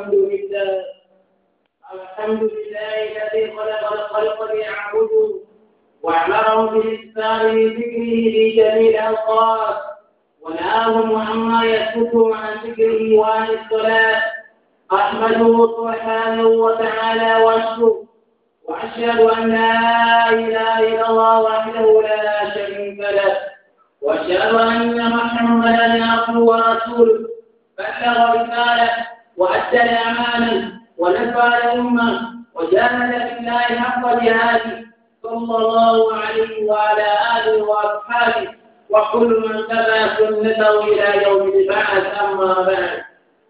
الحمد لله الحمد لله الذي خلق الخلق ليعبده واعمرهم بالإحسان لذكره في جميع الأوقات ونهاهم عما يسكتهم عن ذكره وعن الصلاة أحمده سبحانه وتعالى واشكره وأشهد أن لا إله إلا الله وحده لا شريك له وأشهد أن محمدا عبده ورسوله بلغ رسالته وأدى الأمانة ونفع الأمة وجاهد في الله حق جهاده صلى الله عليه وعلى آله وأصحابه وكل من تبع سنته إلى يوم البعث أما بعد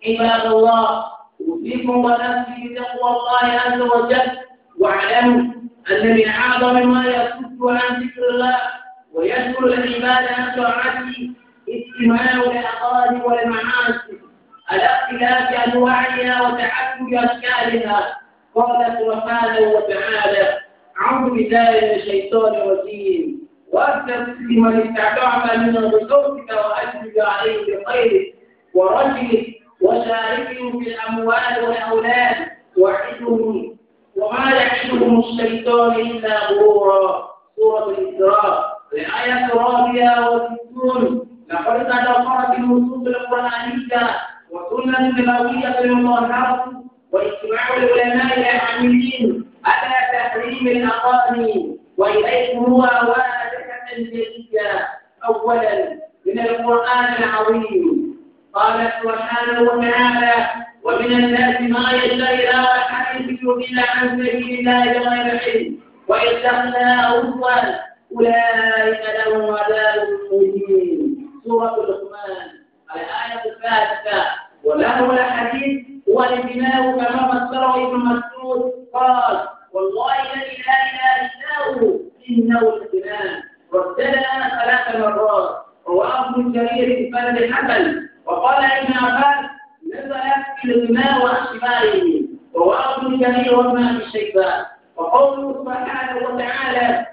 عباد الله أوصيكم ونفسي بتقوى الله عز وجل واعلموا أن من أعظم ما يصد عن ذكر الله ويذكر العباد عن طاعته استماع الأقارب والمعاصي على اختلاف أنواعها وتعدد أشكالها قال سبحانه وتعالى أعوذ بالله من الشيطان الرجيم واكثر لمن استطعت من بصوتك وأجلب عليه بخيرك ورجلك وشاركهم في الأموال والأولاد وعدهم وما يعدهم الشيطان إلا غرورا سورة الإسراء الآية الرابعة والستون لقد تدبرت النصوص القرآنية وسنة نبوية مطهرة واجتماع العلماء العاملين على تحريم الأقاني وإليكم هو واجهة جديدة أولا من القرآن العظيم قال سبحانه وتعالى ومن الناس ما يشتري هوى الحديث ليضل عن سبيل الله غير علم وإن هزوا أولئك لهم عذاب مهين سورة لقمان الآية الثالثة ولولا الحديث هو الانتماء كما فسره ابن مسعود قال والله الذي لا اله الا هو انه الانتماء وابتدا ثلاث مرات رواه ابن جرير بن حبل وقال ابن عباس نزلت في الانتماء واشباهه رواه ابن جرير وابن ابي شيبه وقوله سبحانه وتعالى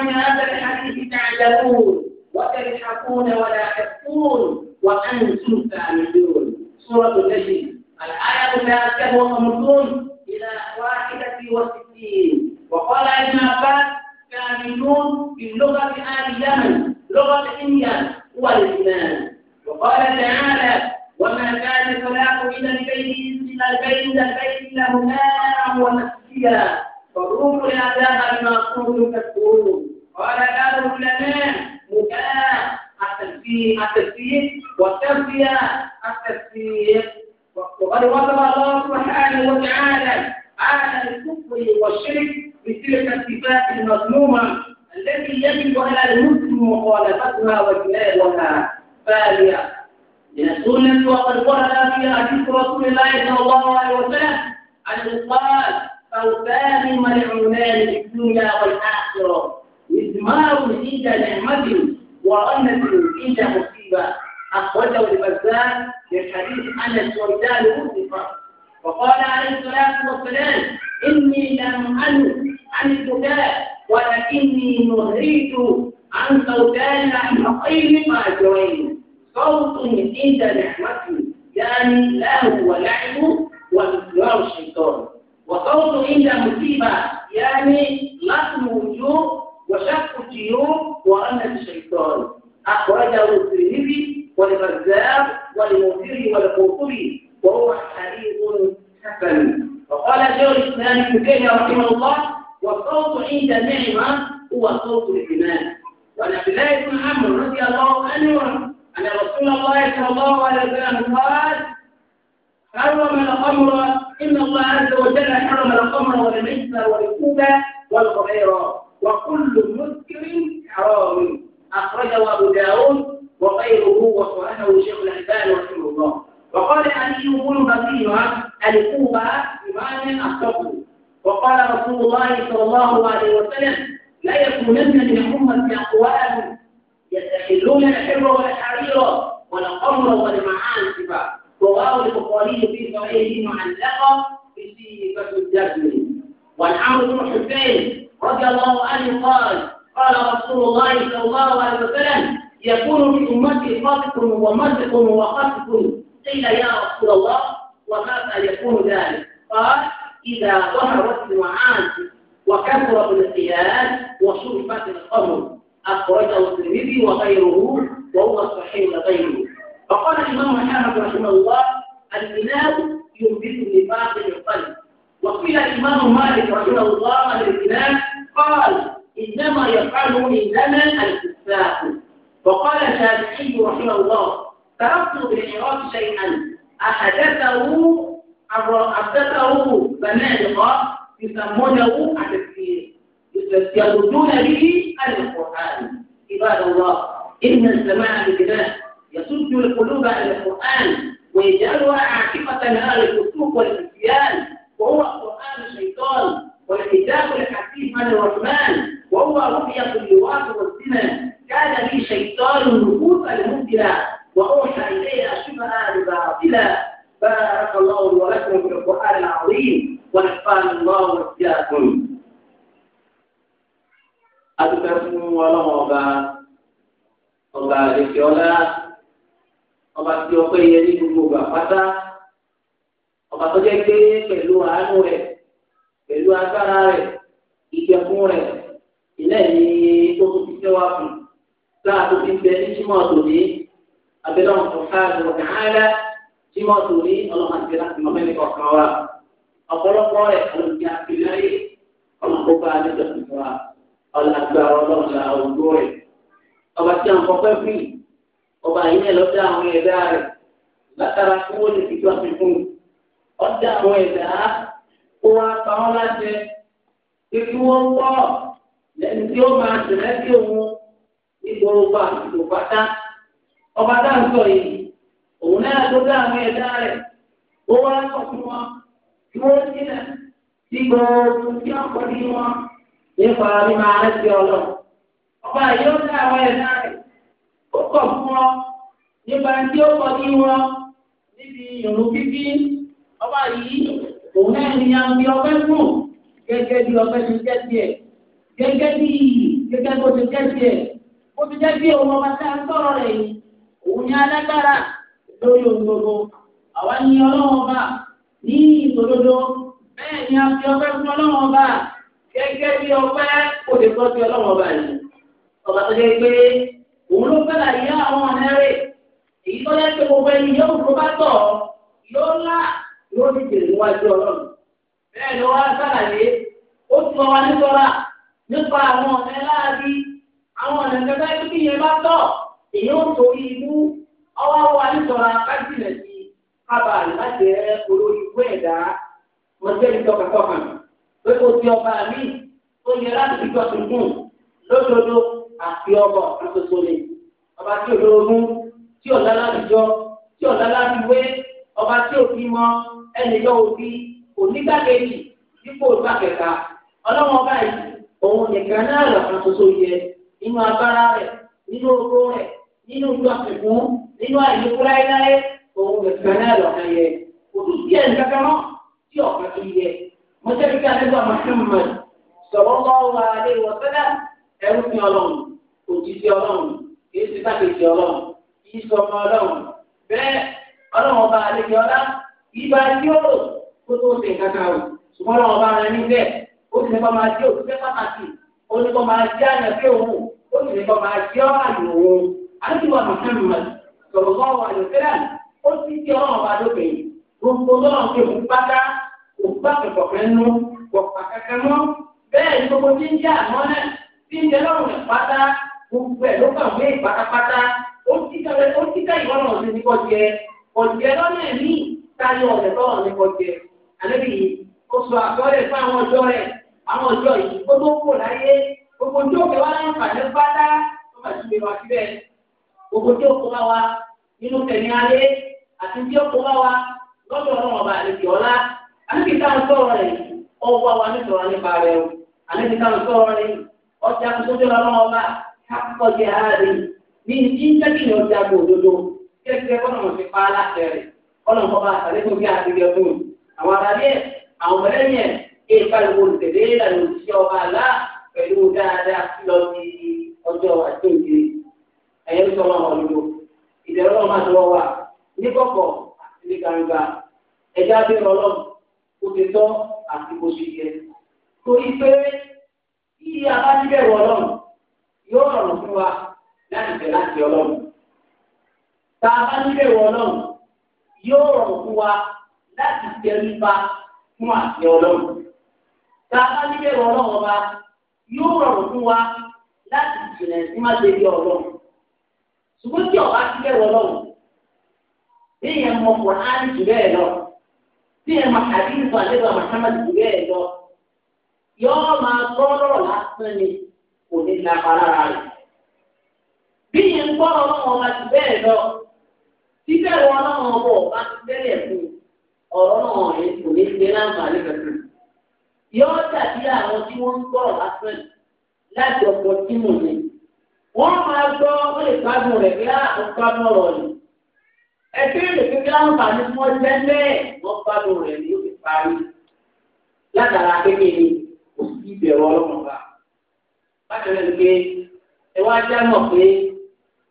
من هذا الحديث تعجبون وتلحقون ولا تكون وأنتم تعملون سورة النجم الآية الثالثة وخمسون إلى واحدة وستين وقال ابن عباس كاملون باللغة آل اليمن لغة إنيا والإيمان وقال تعالى وما كان الصلاة إلى البيت من البيت إلى البيت إلا هناء ومسجدا فذوقوا العذاب بما كنتم تكفرون قال بعض العلماء مكان التسبيح التسبيح والتربية التسبيح وقد وصف الله سبحانه وتعالى على الكفر والشرك بتلك الصفات المذمومه التي يجب على المسلم مخالفتها وجلالها فهي من السنه وقد ورد في حديث رسول الله صلى الله عليه وسلم انه قال فوتان ملعونان في الدنيا والاخره إزمار عند نعمة وأن إلا مصيبة أخرجه البزار من حديث أن وابدال مصيبة وقال عليه الصلاة والسلام إني لم أنه عن الزكاة ولكني نهيت عن صوتان الحقيم مع الجوين صوت عند نعمته يعني له ولعب وإكرار الشيطان وصوت عند مصيبة يعني لطم وجوه وشق الجيوب ورنة الشيطان أخرجه الترمذي والبزار والمنذري والقرطبي وهو حديث حسن وقال شيخ الإسلام ابن تيمية رحمه الله والصوت عند النعمة هو صوت الإيمان وعن عبد الله بن عمرو رضي الله عنه أن رسول الله صلى الله عليه وسلم قال حرم الخمر إن الله عز وجل حرم الخمر والميسر والكوبة والغيرة وكل مسكر حرام أخرجه أبو داود وغيره وصححه شيخ الألباني رحمه الله وقال علي بن بقية ألقوها إمام أخطأه وقال رسول الله صلى الله عليه وسلم لا يكونن من أمة أقوام يستحلون الحر والحرير ولا والمعازف رواه البخاري في صحيحه معلقة في سيفة الجزم وعن عمرو بن حسين رضي الله عنه قال قال رسول الله صلى الله عليه وسلم يكون في أمتي خاطف ومزق وقصف قيل يا رسول الله وماذا يكون ذلك قال إذا ظهرت المعاصي وكثرت الخيال وصرفت الخمر أخرجه الترمذي وغيره وهو صحيح لغيره فقال الإمام أحمد رحمه الله البناء ينبت لباقي القلب وقيل الإمام مالك رحمه الله عن قال إنما يفعله من زمن الكفاح وقال الشافعي رحمه الله تركت بالعراق شيئا أحدثه أحدثه زنادقة يسمونه التفسير يردون به القرآن عباد الله إن السماع بالله يسد القلوب عن القرآن ويجعلها عاكفة لها للفسوق والنسيان وهو قرآن الشيطان والحجاب الحكيم عن الرحمن وهو رؤية اللواط والزنا كان لي شيطان نفوس المبتلى وأوحى إلي شبها بباطلا بارك الله ولكم في القرآن العظيم ونفعنا الله وإياكم adúpẹ́ fún ọlọ́run ọba ọba àdèkè ọlá ọba tí ọpẹ́ yẹ ní gbogbo ọgbà pátá ọba tó jẹ́ pé pẹ̀lú àánú rẹ̀ pẹ̀lú agbára rẹ̀ ìjẹ̀kùn rẹ̀ ilé yìí tó tún ti fẹ́ wá fún un láà tó ti bẹ ní jimọ̀ tòní abẹ́lẹ́ wọn kò ká lọ káàlá jimọ̀ tòní ọlọ́mọ ti láti mọ mẹ́rin kọ̀ọ̀kan wa ọ̀pọ̀lọpọ̀ rẹ̀ ọlọ́mọdé àfihàn yìí ọlọ́mọdé bá a lẹ́jọ́ fún wa ọlọ́gbàrá ọlọ́mọdé àwùjọ rẹ̀ ọba tí a ń kọ́kọ́ fún ọba yìí náà àwọn ẹ̀dá rẹ̀ látara kí wọ́n lè fi tó àfikún ọ̀dọ̀ àwọn ẹ̀dá ó wá pa wọn láṣẹ ikú wọn pọ̀ lẹ́nu tí ó máa tẹ̀lé kí òun ní gbogbo àtìkò pátá ọba ń sọ yìí òun náà tó dá àwọn ẹ̀dá rẹ̀ ó wá wọn wọ́n tí wọ́n kọ́ òun náà ni a ń fi ọpẹ́ fún gẹ́gẹ́ bí ọpẹ́ ti jẹ́ tiẹ̀ gẹ́gẹ́ bí gẹ́gẹ́ bó ti jẹ́ tiẹ̀ bó ti jẹ́ bí òun ọba tá a sọ̀rọ̀ rẹ̀ yìí òun ni alágbára lórí òdodo àwa ni ọlọ́wọ́n ọba ní ìtòdodo bẹ́ẹ̀ ni a fi ọpẹ́ fún ọlọ́wọ́n ọba gẹ́gẹ́ bí ọpẹ́ kò lè tọ́ sí ọlọ́wọ́n ọba yìí ọba tó jẹ́ pé òun ló fẹ́ láyé àwọn ọ̀nẹ́rẹ́ èyí tó yẹ kí gbogbo ẹni yóò ni ó ti bèrè níwájú ọlọ́run bẹ́ẹ̀ ni wọ́n á sàlàyé ó ti wọn wá nítorá nípa àwọn ọ̀nà ẹláàbí àwọn ọ̀nà ìjọba ẹbí kí yẹn bá tọ̀ èyí ó torí ibú ọwọ́ wa nítorá kájìnà sí kábàárì láti rẹ olórí ìwé ẹ̀dá wọn jẹ́ ìtọ́kàtọ́kàn pé kò sí ọba mi tó yẹ láti fi jọ tuntun lódodo àti ọba ọ̀kan tuntun ni ọba tí ò lórogún tí ò lálàbíjọ tí ò lálàbíwé ọba tí ò fi mọ ẹnì yóò bí onígbàkejì dípò gbàkẹta ọlọ́wọ́n báyìí òun nìkan náà lọ́kàn ṣoṣo yẹ nínú agbára rẹ̀ nínú oró rẹ̀ nínú ìlú àfikún nínú àìlú láéláé òun nìkan náà lọ́kàn yẹ òtútù yẹn kankan mọ́ tí ọ̀kan kì yẹ mo jẹ́bi ká nígbà Muhammad sọ̀rọ̀ lọ́wọ́ alẹ́ ìwọ̀sẹ́lẹ̀ ẹrú fi ọlọ́run òjijì ọlọ́run kì í ṣe bá kejì ọlọ́run kì sọ ọmọ ọlọ́run bẹ́ẹ̀ ọlọ́run ọba àlejò ọlá ibà tí ó lò kó tó ṣe nǹkan kan o ṣùgbọ́n làwọn bá rẹ níbẹ̀ ó ti nípa máa jẹ́ òṣìṣẹ́ pàtàkì ó nípa máa jẹ́ àyànfẹ́ òun ó ti nípa máa jẹ́ ọ̀hàn òun àdúgbò Muhammad sọ̀rọ̀ lọ́wọ́ àyọ̀kẹ́rẹ́ ó ti di ọlọ́run bá lókè gbogbo lọ́run pé òun pátá òun bá kẹ̀kọ̀ fẹ́ nú kọ̀pà kankan mọ́ bẹ́ẹ̀ ni gbogbo tí ń jẹ́ àmọ́ táyé ọ̀rẹ́ tó wà ní kọjẹ àlẹ́bí yìí ó sọ àkọọ́lẹ̀ fún àwọn ọjọ́ rẹ̀ àwọn ọjọ́ yìí gbogbo kò láyé gbogbo tí òkè wá láyé pàdé pátá tó bá ti gbé wá síbẹ̀ gbogbo tí òkè wá wá nínú tẹ̀mí alẹ́ àti tí òkè wá wá lọ́dọ̀ ọlọ́run ọba àlejò ọ̀la àlejò táwọn sọ̀rọ̀ rẹ̀ ọwọ́ wa nítorí nípa rẹ̀ o àlejò táwọn sọ̀rọ̀ rẹ̀ ọjà sójú ọlọ́run ọba kápọ̀ jẹ́ ààrẹ ní ìdí ń jẹ́ kí ni ọjà gbòdodo ọlọ́run kọ́ bá àtàlẹ́kùn bí àti gẹ̀ fún un àwọn abalẹ̀ àwọn mẹlẹ́yìn ẹ̀ kí ìpariwo tẹ̀lé ìlànà òṣìṣẹ́ ọba àlá pẹ̀lú dáadáa lọ sí ọjọ́ àjọyìn ẹ̀yẹ ń sọ̀rọ̀ àwọn olùdó ìdẹ̀rọ̀ náà máa tọwọ́ wa ní kọ̀kọ̀ àti ní gbangba ẹ̀já bí ọlọ́run kó ti tọ́ àti kó ṣe yẹ torí pé bí a bá níbẹ̀ wọ ọlọ́run yóò rọrùn fún wa láti tẹ̀ tá a bá níbẹ̀ yóò rọrùn fún wa láti tẹríba fún àti ọlọ́run. Tá a bá níbẹ̀ ọlọ́run ọba yóò rọrùn fún wa láti jìnà sí má ṣe bí ọlọ́run. Ṣùgbọ́n tí ọba ti bẹ̀rù ọlọ́run, bí ìyẹn mọ Kùránì jù bẹ́ẹ̀ lọ, bí ìyẹn mọ Hadith Adébà Muhammad jù bẹ́ẹ̀ lọ, yóò máa gbọ́ lásán ni kò ní lápá lára rẹ̀. Bí ìyẹn gbọ́ ọlọ́run ọba jù bẹ́ẹ̀ lọ, Títẹ̀ wọn ọlọ́run ọmọ ọba ti tẹ́lẹ̀ fún ọ̀rọ̀ náà yẹn kò ní ṣe láǹfààní kankan. Yọ́ọ́ dàbí àwọn tí wọ́n ń gbọ́rọ̀ lásán láti ọ̀pọ̀ tí mò ní. Wọ́n máa gbọ́ wọ́n lè gbádùn rẹ̀ bí àwọn ah, gbádùn ọ̀rọ̀ ni. Ẹ kéèrè pé kí láǹfààní fún ọ jẹ́ bẹ́ẹ̀ wọ́n gbádùn rẹ̀ ni ó fi parí. Látara kékeré, kò sí ìbẹ̀rù ọlọ́run bá. Bákan náà ni pé ẹ wá já mọ̀ pé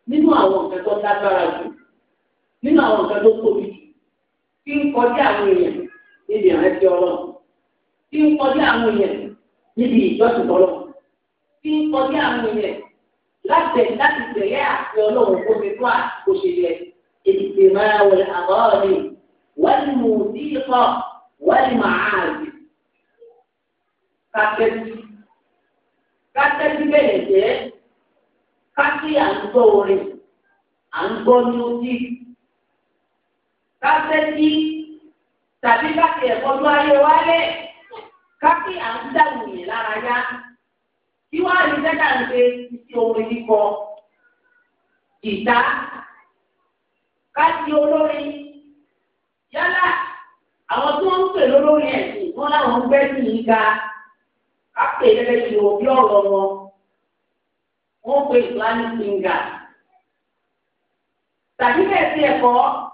nínú àwọn nǹkan tó lágbára jù nínú àwọn nǹkan tó tóbi kí ń kọjá àwọn èèyàn níbi ìrántí ọlọ́run kí ń kọjá àwọn èèyàn níbi ìjọsìn ọlọ́run kí ń kọjá àwọn èèyàn láti láti tẹ̀lé àti ọlọ́run kó fi tó àkóso ètùtù máa wọlé àwọn ọ̀rẹ́ wọ́n ní mò ń dín wọ́n ní màá àgbẹ̀ kakẹ́tì bẹ̀rẹ̀ jẹ́ kákí à ń gbọ́ orin à ń gbọ́ ní ojú kásẹ́tì tàbí káfí ẹ̀kọ́ tó ayé wálé káfí àǹdáwòye lára yá tí wọ́n á rí sẹ́dá ń ṣe ti orin kíkọ ìta káfí olórin yálà àwọn tí wọ́n ń pè lólórin ẹ̀sìn wọ́n láwọn ń gbẹ́ sí i ga káfí ẹ̀rẹ́ ìlú òbí ọ̀rọ̀ wọn wọ́n pe Islamic singer tàbí bẹ́ẹ̀ ẹ̀kọ́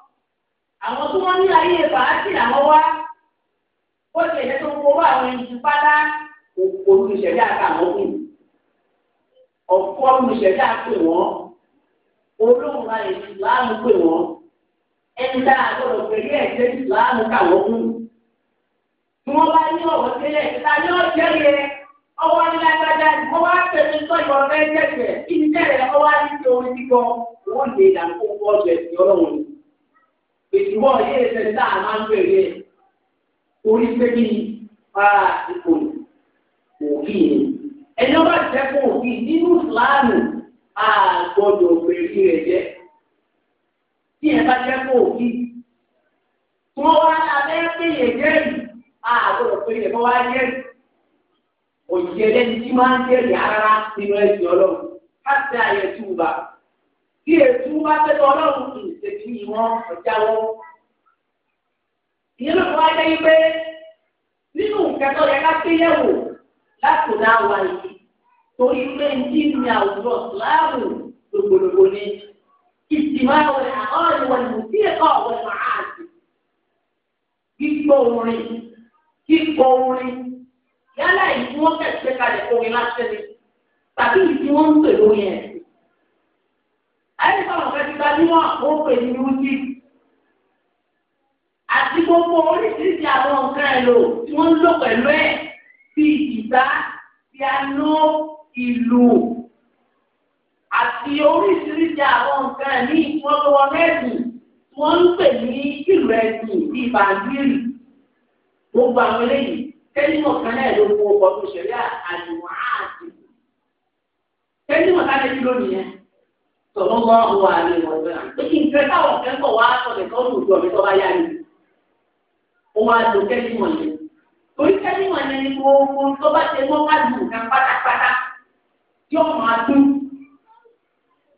àwọn tí wọ́n ní ayé fàájì làwọn wá ó ti ẹ̀jẹ̀ tó ń fowó àwọn ẹni pátá olùṣẹ̀dá àtàwọn kù ọ̀pọ̀ olùṣẹ̀dá pè wọ́n olóhùn ra ìsìláàmù pè wọ́n ẹni tá a gbọ́dọ̀ pẹ̀lú ẹ̀jẹ̀ ìsìláàmù káwọn kù tí wọ́n bá ní ọ̀wọ́ sílẹ̀ ta ni ó yẹ ọwọ́ ní lágbájá ni wá tẹ̀lé sọ́yìn ọ̀rẹ́ jẹ̀jẹ̀ kí ni jẹ́rẹ̀ ọwọ́ á ní lè dàgbò fọ́ọ̀jẹ̀ sí ọlọ́run ìwọ yé ẹsẹ̀ tá a máa ń bèrè orí pé kí a ipò òbí ni ẹni ọba jẹ́kọ̀ òbí nínú fúlàánù a gbọ́dọ̀ bèrè rẹ̀ jẹ́ tí ẹ bá jẹ́kọ̀ òbí tí wọ́n wá abẹ́ péye jẹ́rìí a gbọ́dọ̀ péye kọ́ wá jẹ́rìí òjì ẹlẹ́ni tí máa ń jẹ́rìí ara nínú ẹ̀sìn ọlọ́run ká sí àyẹ̀tú bá kí ètú bá tẹ́tọ́ ọlọ́run kì í ṣètì ìwọ̀n ọ̀jáwọ́. ìyẹn ló fi wá dé pé nínú nǹkan tó yẹ ká gbé yẹ̀wò láti dá wa yìí torí pé ní ní àwùjọ láàrú gbogbogbò ni ìtìmọ̀ àwọn àwọn ìwọ̀n ìwọ̀n tí èkó àwọn ìwọ̀n àti kíkọ orin kíkọ orin yálà ìdí wọn kẹsẹ kalẹ̀ orin lásán ni tàbí ìdí wọn ń ẹni sọ̀rọ̀ fẹ́ ti gbajúmọ̀ ó pè ní wúdí. àti gbogbo oríṣiríṣi àwọn nǹkan èlò tí wọ́n ń lò pẹ̀lú ẹ̀ bíi ìgbà piano ìlú àti oríṣiríṣi àwọn nǹkan ní ìfọwọ́ mẹ́sìn tí wọ́n ń pè ní ìlú ẹ̀sìn bíi bàndírì gbogbo àwọn eléyìí kẹ́límọ̀ kan náà ló mú ọkọ̀ tó ṣẹlẹ̀ àdìmọ̀ àti kẹ́límọ̀ ká lè dúró nìyẹn tọ̀lọ́ wá wọ àlè wọ̀nyí náà. Bí kì í fẹ́ káwọn kẹ́kọ̀ọ́ wá sọ̀rọ̀ kọ́ lù jọ mi tó bá yá ni. Ó wá lo kẹ́lí wọ̀nyí. Torí kẹ́lí wọ̀nyí ni gbogbo tó bá ṣe mọ́ wá lù kan pátápátá. Yóò máa dún.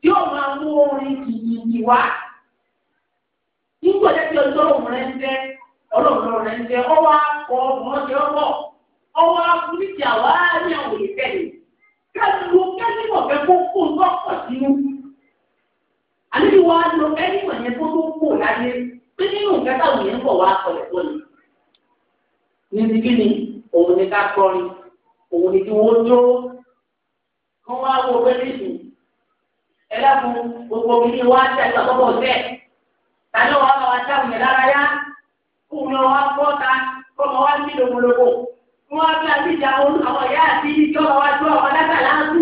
Yóò máa mú orin kìkìkì wá. Nígbà tí ọjọ́ òun rẹ̀ ń jẹ́ ọlọ́run rẹ̀ ń jẹ́ ọwọ́ akọ ọmọdé ọkọ̀ ọwọ́ akúnìjà wá ní àwọn ìfẹ́ yìí. Kẹ́lí wo kẹ́lí wọ̀ fẹ́ kó kó ń tọ́pọ̀ sínú àníbi wá lọ ẹnìmọ̀ yẹn tó tó kù láyé pé nínú nǹkan táwọn yẹn ń bọ̀ wá sọlẹ̀ fún mi níbi kí ni òun ni ká kọrin òun ni kí wọ́n jó kán wá wo bẹ́lẹ́sì ẹ dákun gbogbo kí ni wá ṣe àgbàkọ́bọ̀ bẹ́ẹ̀ tàbí wàá bá wa dáhùn yẹn lára yá kó mi wá bọ́ ta kó mi wá ní lòmòlòmò wọn bí a ti jà àwọn ìyá àti ìjọba wa jó àwọn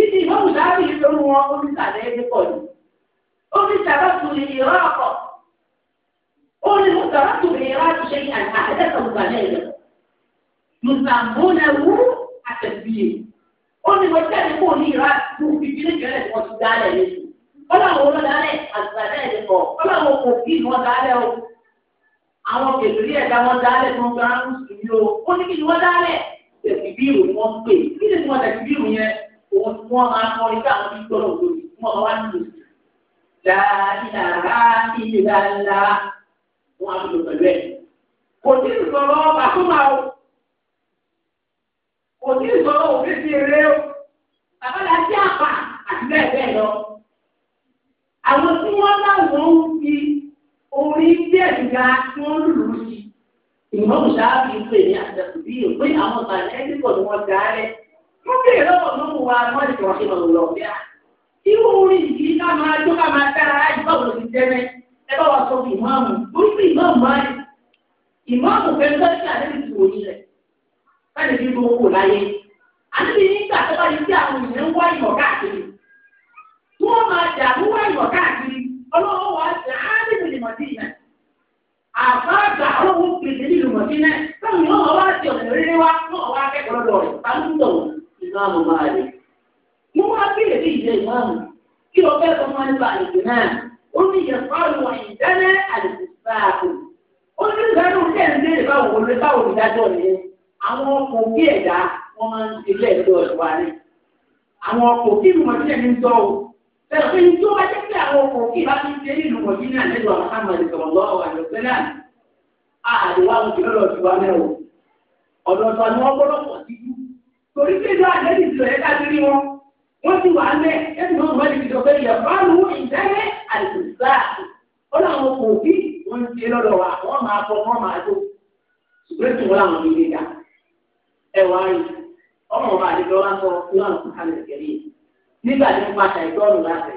títí ìmọ̀mù sábì yìí ló mú wọn oníṣà lẹ́yìn pọ̀ ní. oníṣà bá tún lè yọ ọkọ̀ ó ní mo sọ̀rọ̀ tún lè yọ àtúnṣe ní àtẹ́sọ̀ gbà lẹ́yìn lọ. mùsàmúnà wú àtẹ̀bíyè ó ní mo tẹ́lẹ̀ kó ní ìrọ̀ àtúnṣe bíbí ní ìrẹ̀lẹ̀ tí wọ́n ti dálẹ̀ lẹ́yìn. ọlọ́run olódàálẹ̀ àtúnṣe lẹ́yìn pọ̀ ọlọ́run kò àwọn kèlórí ẹ̀dá wọn dálẹ̀ tó ń gbára ń sùn yìí o ó ní kí ni wọ́n dálẹ̀ tẹ̀sí bírù wọn pè kí ni wọ́n tẹ̀sí bírù yẹn òun tí wọ́n máa kọ́ iṣẹ́ àwọn tí gbọ́dọ̀ lórí tí wọ́n wá nílò dáadáa ìlà ńlá wọn á lò pẹ̀lú ẹ̀. kò tí ì sọ̀rọ̀ ọba tó máa o kò tí ì sọ̀rọ̀ òfin ti rè o bàbá la ti àpà àti bẹ́ẹ̀ bẹ́ẹ̀ lọ. àwọn tí wọ́n láwọn ń fi orí díẹ̀ ga tí wọ́n lù ú sí ìmọ̀ọ́mù sáà fi ń pè ní àtẹ̀kùbí ìpín àwọn bàtẹ́ nípò ni wọ́n dá wọ́n bèèrè lọ́wọ́ ló mú wa wọ́n lè wọ́n ṣe lọ lọ bí a. irú orin yìí ká máa jó ká máa dára láti bá òun ti tẹ́lẹ̀ ẹ bá wa sọ fún ìmáàmù orí fún ìmáàmù máa ń ìmáàmù fẹ́ẹ́ lọ́ọ́ sí àdébìtì òní rẹ̀ láti fi gbogbo láyé àti nígbà tó bá yẹ kí àwọn èèyàn wá ìmọ̀ káàkiri tí wọ́n máa jà ń wá ìmọ̀ káàkiri ọlọ́wọ́ wa jà á níbi ìmọ̀tí yẹn àbáàgbà ọlọ́wọ́ pèsè nílùú mọ̀tí náà táwọn èèyàn wá sí ọ̀nà rere wá náà wá ìsìláàmù máa rí. Mo máa bèèrè bí ìjẹ ìmáàmù kí o fẹ́ sọ fún ẹni bá àlejò náà. Ó ní ìyẹ̀fọ́ àwọn ẹ̀yìn dáná àlejò sáàbù. Ó ní ìdáná tẹ̀ ń béèrè báwo ló báwo ló dájọ́ ni. Àwọn ọkọ̀ bí ẹ̀dá wọ́n máa ń ṣe lẹ́ẹ̀dọ́ ẹ̀wà ni. Àwọn ọkọ̀ bí ìlú Mọ̀jínà ní sọ o. Bẹ̀rẹ̀ tó bá jẹ́ pé àwọn ọkọ̀ torí pé ìjọ àjẹ́bí ti rẹ̀ káàkiri wọn wọ́n ti wà lẹ̀ ẹ̀sìn náà wọ́n ti fi ọ̀fẹ́ yẹ fáànù ìdáyẹ àìsùsá ó láwọn kò bí wọ́n ti lọ́dọ̀ wa wọ́n máa fọ wọ́n máa tó ṣùgbọ́n tí wọ́n láwọn ní ilé ga ẹ wá rí ọmọ ọba àdìgbò wa sọ fúlàní fún kálẹ̀ kẹrì nígbà tí wọ́n pàṣẹ ìgbọ́nù láti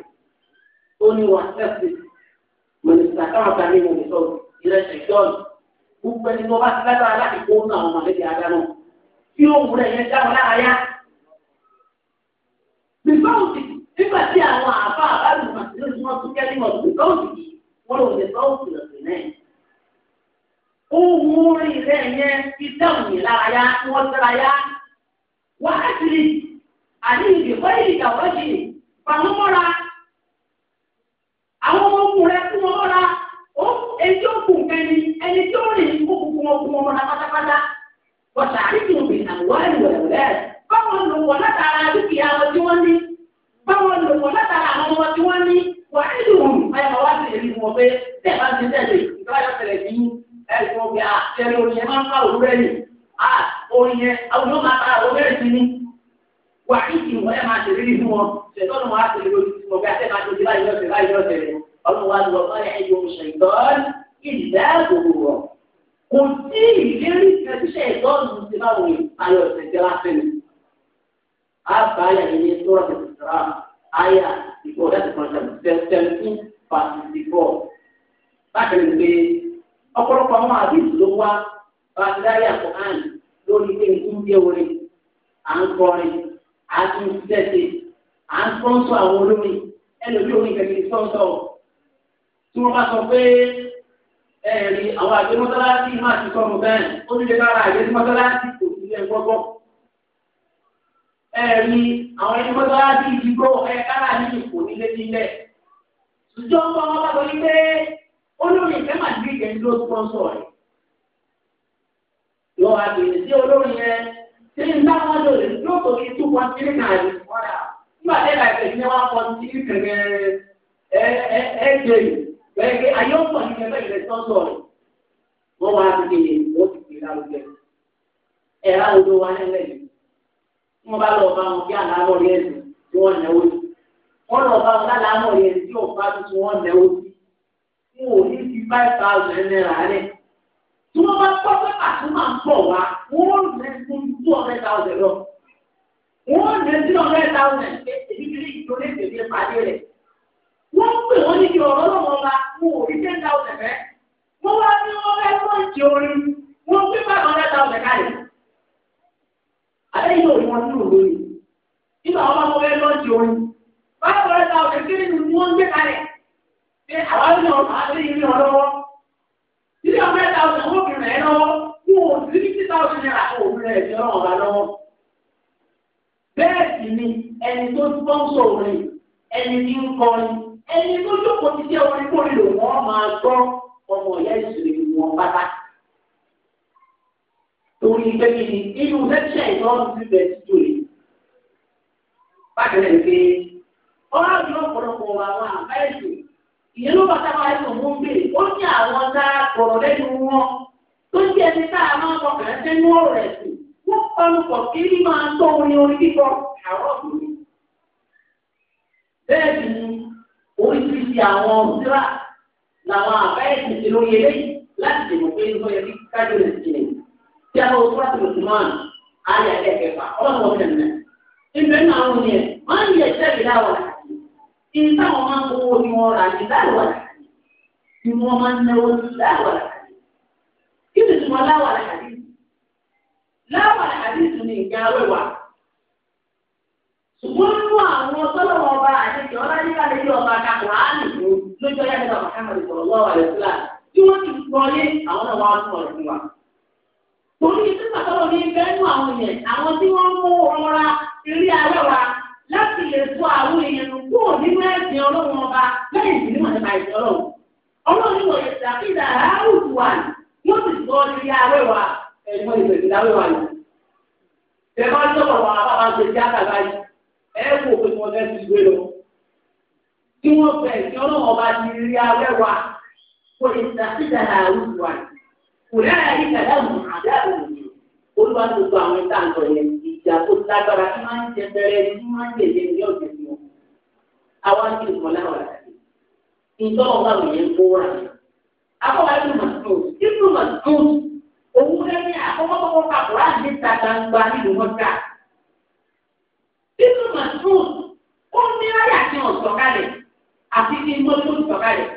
ó ní wọn ẹ̀sìn mọ̀lẹ́sìtà káwọn kan ní mọ̀lẹ́sọ̀ ìrẹsẹ̀ ìgbọ́nù gbogbo ẹni tó bá ti lágbára láti kó náà wọn tí ó wù rẹ̀ yẹn dá wọn lára yá. Bìsọ́ọ̀sì nígbà tí àwọn àbá àbálù màsílẹ̀ tí wọ́n tún kẹ́ ní ọ̀dún bìsọ́ọ̀sì yìí wọ́n lò lè sọ́ọ̀sì lọ́sẹ̀ náà. Ó wú orin rẹ̀ yẹn ti dáhùn yẹn lára yá tí wọ́n tẹ́ra yá. Wákàtí àní ìdìbò ìdìkà wọ́jì pàmò mọ́ra. Àwọn ọmọ ogun rẹ̀ fún wọn mọ́ra. Ó ẹni tí ó kù kẹ́ni ẹni tí ó rìn kó kúkú wọn kú mọ́ra pátápátá. Wọ́n ṣàríkì àlọ́ ìlú rẹ̀ báwọn lò wọ́n látara dúkìá wọn tí wọ́n ní báwọn lò wọ́n látara àwọn ọmọ tí wọ́n ní wà á lò wọ́n ayé wọn wá sí èmi wọn pé tẹ̀ bá ti tẹ̀lé ìjọba yóò tẹ̀lé bí ẹ̀sùn ọ̀gbìn àtẹ̀lé orin yẹn máa ń fa òwúrẹ́ ni orin yẹn àwùjọ máa ta òwúrẹ́ sí ni wà á ìdí wọn ẹ̀ máa tẹ̀lé nínú wọn ṣètò ọ̀nà wọn á tẹ̀lé lójú tí wọn bí àtẹ̀ máa tẹ̀lé báyìí lọ́sẹ̀ báyìí kò sí ìlérí ìfẹsíṣẹ ìtọ́nù ti báwo ayọ̀ ìfẹsẹ̀ láti ní. a bá yà ní sọ́ọ̀rọ̀ tẹ̀síra àyà ìfọ̀ láti kọjá seventeen fàtìsì fọ̀. bákan ní pé ọ̀pọ̀lọpọ̀ àwọn àdìsí ló wá bàtí láyà kò hàn lórí pé n kún jẹ́ orin à ń kọrin à ń tún sẹ́sẹ̀ à ń sọ́nsọ́ àwọn olórin ẹlòmíì orin kẹ̀kẹ́ ẹ̀rí àwọn àti mọ́sálásí máa ti sọ̀rọ̀ bẹ́ẹ̀ ó ti lè bára àyè mọ́sálásí kò sí ẹ̀ gbọ́gbọ́. ẹ̀rí àwọn ẹni mọ́sálásí ìdìgbò ẹ̀ kára nínú kò ní lé nílẹ̀. ṣùjọ́ ń bọ́ wọn bá wọlé pé olórin ìfẹ́ gbé sponsor rẹ̀. yọ àgbèrè sí olórin yẹn tí ń dá wọn yóò tó ní two point three nine nígbà bẹ́ẹ̀ ni ayé ọ̀pọ̀ ní ẹgbẹ́ ìrẹ sọ́ńdọ̀ rẹ̀ wọ́n wá ti kéde wọ́n ti kéde lárugẹ. ẹ̀ láwọn odò wa nílẹ̀ yìí tí wọ́n bá lọ bá wọn bí àlámọ̀ rí ẹ̀sìn tí wọ́n náwó sí wọ́n lọ bá wọn lálámọ̀ rí ẹ̀sìn tí òun bá tuntun wọ́n náwó sí wọn ò ní fi five thousand naira rẹ̀ tí wọ́n bá gbọ́ pé pàtó máa ń bọ̀ wá wọ́n lè fún two hundred thousand lọ wọ́n lè three hundred thousand wọ́n ń pè wọ́n níbi ọ̀rọ̀ lọ́wọ́ ọba wọn ò rí ten thousand fẹ́ wọ́n wá ní wọ́n fẹ́ pọ́ǹtì orin wọ́n gbé five hundred thousand kalẹ̀ alẹ́ yóò rí wọn ní òwe nígbà wọn bá wọn fẹ́ pọ́ǹtì orin five hundred thousand kí ni wọ́n gbé kalẹ̀ ṣé àwọn ní ọ̀rọ̀ àti ilé wọn ilé wọn fẹ́ wọ́n fi sponsor orin ẹni ẹni tó jókòó ti jẹ́ orin kó lò wọ́n máa gbọ́ ọmọ ìyá ìṣòro wọn pátá. torí pé kí ni inú lẹ́kṣẹ̀ ìtọ́jú ti bẹ̀ sí tòlè. bákan náà pé ọlọ́run ọ̀pọ̀lọpọ̀ àwọn àbáyèsè ìyẹn ló bàtà wáyé tó mú bèè ó ní àwọn tá a kọ̀rọ̀ lẹ́nu wọn tó jẹ́ ẹni tá a máa kọkàn ẹ́ sẹ́nu ọ̀rọ̀ rẹ̀ sí wọ́n pọnupọ̀ kí ní máa tó orin orin kíkọ àwọn ọ̀dùnú. bẹ́ẹ̀ oríṣiríṣi àwọn ọ̀dúrà làwọn àbẹ́ẹ̀sì ti lórí eléyìí láti dìbò pé ń sọyẹ kí kájú rẹ̀ sí Tí a bá wọ Súrà Tìmọ̀tì máa ayé ẹ̀dẹ́ kẹfà ọlọ́run ọ̀fẹ́ mi. Ìgbẹ́ náà àwọn máa ń yẹ láti. máa ń kówó rà ní láti. máa ń náwó ní láti. Kí ni ìtumọ̀ láti? láti ní ṣùgbọ́n nínú àwọn tọ́lọ́wọ́ ọba àdéjọ ọlájúlá lórí ọba kakọ̀ áàlì fún lójú ọjà nípa Muhammad ìbọ̀lọ́wọ́ àlẹ́sílà tí wọ́n ti gbọ́lé àwọn náà wọ́n á wa. torí ìsúnmọ̀ tọ́lọ́ ní bẹ́ẹ̀ nú àwọn yẹn àwọn tí wọ́n mú ọmọra ilé ayé wa láti lè tó àwọn èèyàn kú nínú ẹ̀sìn ọlọ́run ọba lẹ́yìn ìdílé wọn nípa ìsìn ọlọ́run ọlọ́run ṣàfihàn aráàlú ẹ wò pé wọ́n fẹ́ ti gbé lọ. Tí wọ́n fẹ́ ìṣẹ́ ọlọ́run ọba ti rí awẹ́wà kó ìtàkìtà àwùjọ wa. Kò lára yí kàdá mọ̀ àdá òòlù. Olúwa tó gba àwọn ìta àǹtọ̀ yẹn ìjà tó lágbára tí máa ń jẹ bẹ̀rẹ̀ ní máa ń tẹ̀lé ní ọ̀sẹ̀ tí wọn. Àwa ti mọ̀ láwọn àti. Ìjọba wa ò yẹ kó wà. Àbọ̀wá ìlú Màtún, ìlú Màtún, òun lẹ́ni àkọ́kọ́ kàkúrà ní ìta gbangba nínú nínú màtún ó ní ayà tí wọn sọ kalẹ̀ àti kí mọ́tò sọ kalẹ̀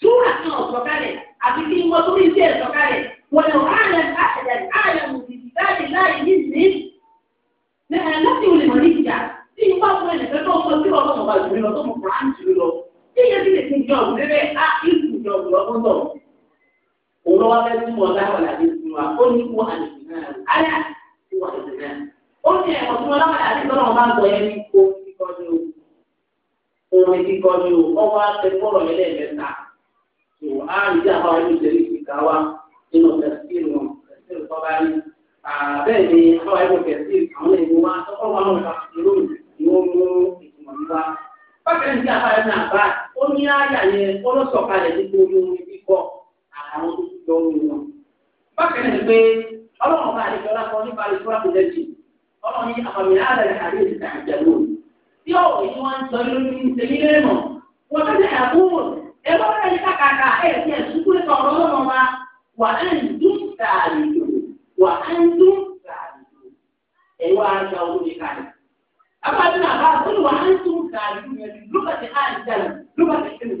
túwà tí wọn sọ kalẹ̀ àti kí mọ́tò ìṣe sọ kalẹ̀ wọn lọ ààrẹ ààrẹ ààrẹ òbíbi láàyè láàyè ní ìlú ní ẹ láti olè mọ ní ìjà tí ìwà fún ẹ nìkan tó ń sọ sí ọlọ́mọ bá jùlọ lọ tó mọ kàn án jùlọ lọ tí ìyẹn ti lè fi jọ òun lébẹ á ìlú jọ òun lọ tó ń bọ̀ òun lọ wá fẹ́ túmọ̀ láwọn àdéhùn wa ó kó àdéhùn náà ó ní ẹ̀wọ̀n tí wọ́n láwọn àti tọ́lọ̀ máa ń gbọ́ yẹn ní omi kíkọ́ ni o omi kíkọ́ ni o ọwọ́ àti bọ́ọ̀lù yẹn lẹ́ẹ̀mẹ́ta tó á rí bí àwọn ọmọ ìṣẹ̀lẹ̀ ìkà wa nínú tẹ̀síìlì wọn tẹ̀síìlì kọ́ bá rí bẹ́ẹ̀ ni àwọn ẹ̀rọ tẹ̀síìlì àwọn èèyàn wa tọ́kọ́ wọn lọ́wọ́ ìṣàkóso ni wọ́n mú ìtumọ̀ nípa. bákan ní àbáyọ náà bá ó ní àyà yẹn ọlọ́sọ̀kalẹ̀ nípa omi omi kíkọ́ àtàwọn tó ti lọ́wọ́ wọn. bákan ní pé ọlọ́run bá àdìgbọ́lá kan nípa ìfúrà tó lẹ́sìn ọlọ́run ní àmàmì àdàlẹ̀ àdéhùn ìtàjẹ̀lú. Tí ọ̀rọ̀ yìí wọ́n ń sọ lórí ìṣèlú lẹ́nu, wọ́n tẹ̀lé àbúrò, ẹgbẹ́ wọn ní kàkàkà ẹ̀ tí ẹ̀ sùkú ẹ̀ sọ̀rọ̀ lọ́wọ́ wa, wà á ń dún sàlìdò, wà á ń dún sàlìdò. Ẹ wá gba owó mi kalẹ̀. Abájú náà bá wọ́n wà á ń dún sàlìdò yẹn lókàtí àìjẹ̀lẹ̀ lókàtí ìṣèlú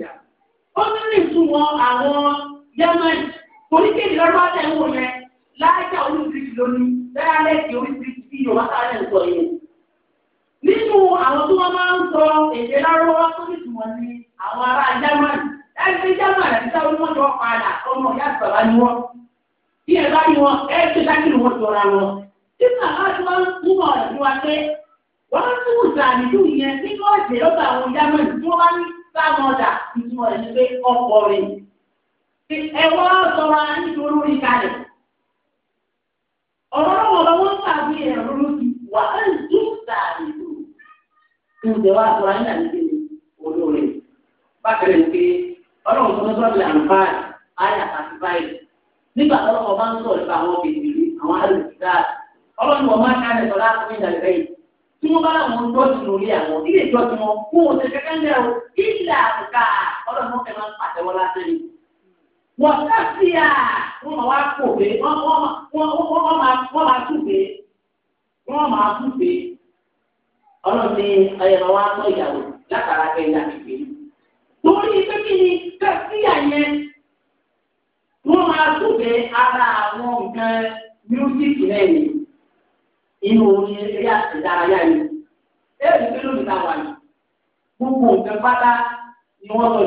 Ó ní ní ìtumọ̀ àwọn Yẹ́mẹ́n, oríkèèrè lọ́dọ́ Yorùbá tá a lè sọ yìí. Nínú àwọn tó wọ́n máa ń sọ èdè lárúbáwá tó ní ìtumọ̀ ní àwọn ará German. Ẹgbẹ́ German àti Sáwọn wọ́n jọ padà ọmọ ìyá àti bàbá ni wọ́n. Bí ẹ bá ní wọn, ẹ gbé dákìlì wọn jọra wọn. Nínú àwọn àti wọn mú mọ̀ ọ̀rọ̀ sí wa pé wọ́n ń túbù sàmì lù yẹn nínú ọ̀sẹ̀ lọ́gbà àwọn German tí wọ́n bá ní sáwọn ọ̀dà ìtumọ̀ ẹ̀ ní pé ọkọ̀ rẹ̀. Ẹ̀wọ́n sọ̀rọ̀ nítorí ọ̀rọ̀ náà wọ́n wọ́n sàbí èèyàn lórí ti wà á ń tún sàbí lò. ǹjẹ́ wàá sọ ayé àti kéde olóore bákan ní pé ọlọ́run tó ń sọ bí àǹfààní ayé àti báyìí nígbà tó lọ́kọ̀ bá ń sọ̀rọ̀ nípa àwọn kékeré àwọn alùpùpù ọlọ́run wọn máa ń kálẹ̀ sọ láti fún ìdàgbẹ́ yìí tí wọ́n bá láwọn ń tọ́jú lórí àwọn ilé ìjọ́jú wọn fún òṣèlú kẹ́kẹ́ ń lẹ́rù ìlà àbùkà ọlọ́run mọ́kẹ́ máa ń pàtẹ́wọ́ lásán yìí. wọ́n sáfì a wọ́n máa wá pò pé wọ́n máa tù pé wọ́n máa máa wá ìyàwó látara kẹ́ ìyá torí pé kí ni wọ́n máa ara àwọn nǹkan míúsíkì náà ni inú orin eré àtẹ̀dárayá yìí. dara ya lónìí náà gbogbo nǹkan pátá ni wọ́n sọ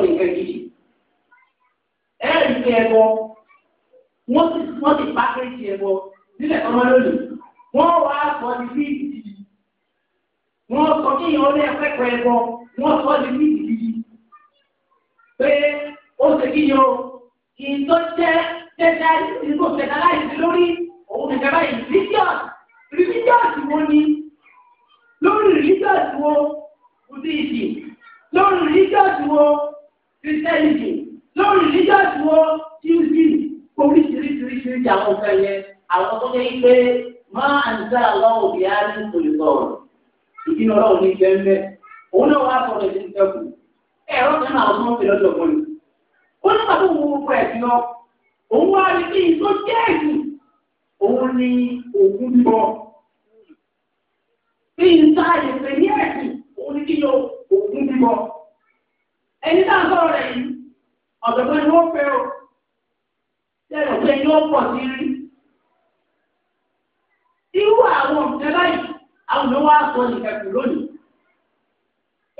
ẹ̀rí ti ẹ̀bọ wọ́n ti wọ́n ti pákéjì ẹ̀bọ nílẹ̀ ọmọ lónìí wọ́n wá sọ ní bíìdì wọ́n sọ kí ìyẹn ọdún ẹ̀kọ́ ẹ̀bọ wọ́n sọ ní bíìdì yìí pé ó ṣe kí yọ kí n tó jẹ́ tẹ́tà ìdìbò tẹ́tà láìsí lórí òun nìkan báyìí religious religious wo ni lórí religious wo buddhism lórí religious wo christianity. lórí religious wọ tíwìtì oríṣiríṣiríṣiríṣi àwọn nǹkan yẹn àwọn tó jẹ́ pé máa ń sá lọ́wọ́ bí a ní olùkọ́ ìdíná ọlọ́run ní òun náà wá sọ̀rọ̀ ẹ̀rọ kan náà ọdún ọ̀sẹ̀ lọ́jọ́ kan ó wọ ẹ̀sìn lọ òun wá rí bí tó jẹ́ òun ni òun bọ̀ bí n ìpè ni kí òun ẹni tá ọ̀dọ̀ tó ni wọ́n fẹ́ o tẹ̀lé tẹ̀ ni wọ́n pọ̀ sí rí. irú àwọn òǹtẹ̀ báyìí àwọn ló wá sọ nìkan kù lónìí.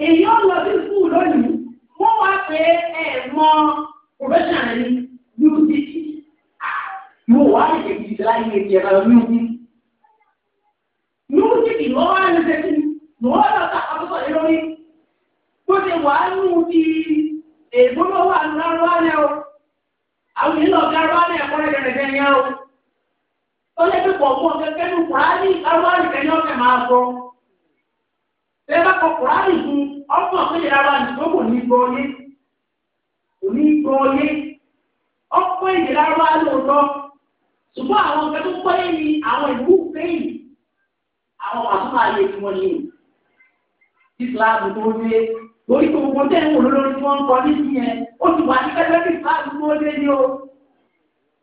èyí ó lọ sí skul lónìí wọ́n wá pé ẹ̀ mọ profession rẹ̀ ní music. mo wá lè tẹ̀lé ìdílé ayé ìjẹba music. music ni wọ́n wá lè tẹ̀lé ni wọ́n lọ sàkóso lórí. bó ṣe wàá nù ti. ègbóná wà ní lárúbáyà o àwọn yìí lọ bí lárúbáyà ẹ̀kọ́rẹ́ gẹ̀rẹ́gẹ̀ yẹn o ó lé pé pọ̀pọ̀ kẹ̀kẹ́ ní kùránì lárúbáyà kẹ́yìn ọ̀kẹ́ máa sọ bẹ́ẹ̀ bá kọ kùránì fún ọ̀pọ̀ tó yẹ lárúbáyà tó kò ní gbọ́ yé kò ní gbọ́ yé lóòótọ́ ṣùgbọ́n àwọn ní àwọn ìlú àwọn torí pé gbogbo tẹ́ ń wò lórí tí wọ́n ń kọ ní sí yẹn ó ti wà ní pẹ́pẹ́ bí fáàlù tó lé ní o.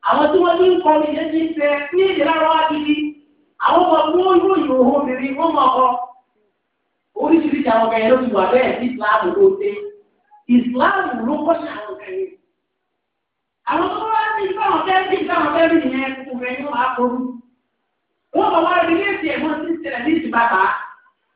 àwọn tí wọ́n ti ń kọ ní yẹn ti ń fẹ́ ní èdè lárọ́wá gidi àwọn ọmọ mú irú ìhòòhò obìnrin wọ́n mọ̀ ọ́. oríṣiríṣi àwọn ọmọ yẹn ló ti wà bẹ́ẹ̀ ní ìsìláàmù ló dé ìsìláàmù ló kọ́ sí àwọn ọmọ yẹn. àwọn tó wá ní ìfáwọn fẹ́ẹ́ bí ìfáwọn fẹ́ẹ́ bí ìyẹn kò fẹ́ yóò máa kọrú. wọ́n bọ̀ wá rí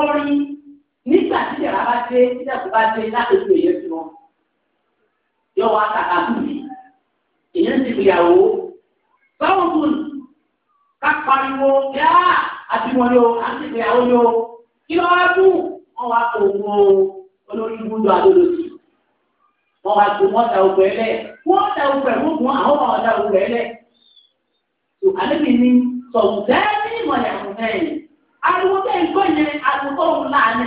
orin nígbà tí ìjàrá bá dé nígbà tó bá dé lákòókò èèyàn ti wọn yọ wá kàkà bùbí èèyàn ti gbìyàwó báwo tó ní ká pariwo yá àti wọn yóò àti ìgbìyàwó yóò kí ló wá dùn wọn wá kó wọn olórí ibùdó àdódò sí wọn wá tó wọn da ogun ẹlẹ wọn da ogun ẹ̀wọ̀n fún àwọn ọmọ ọdá ogun ẹlẹ tó alẹ́ mi ní sọ̀tẹ́ẹ̀mì mọ̀lẹ́ àkùnfẹ́ yìí ariwo tẹ́ ń gbọ́ yẹn ariwo tó ń láàánú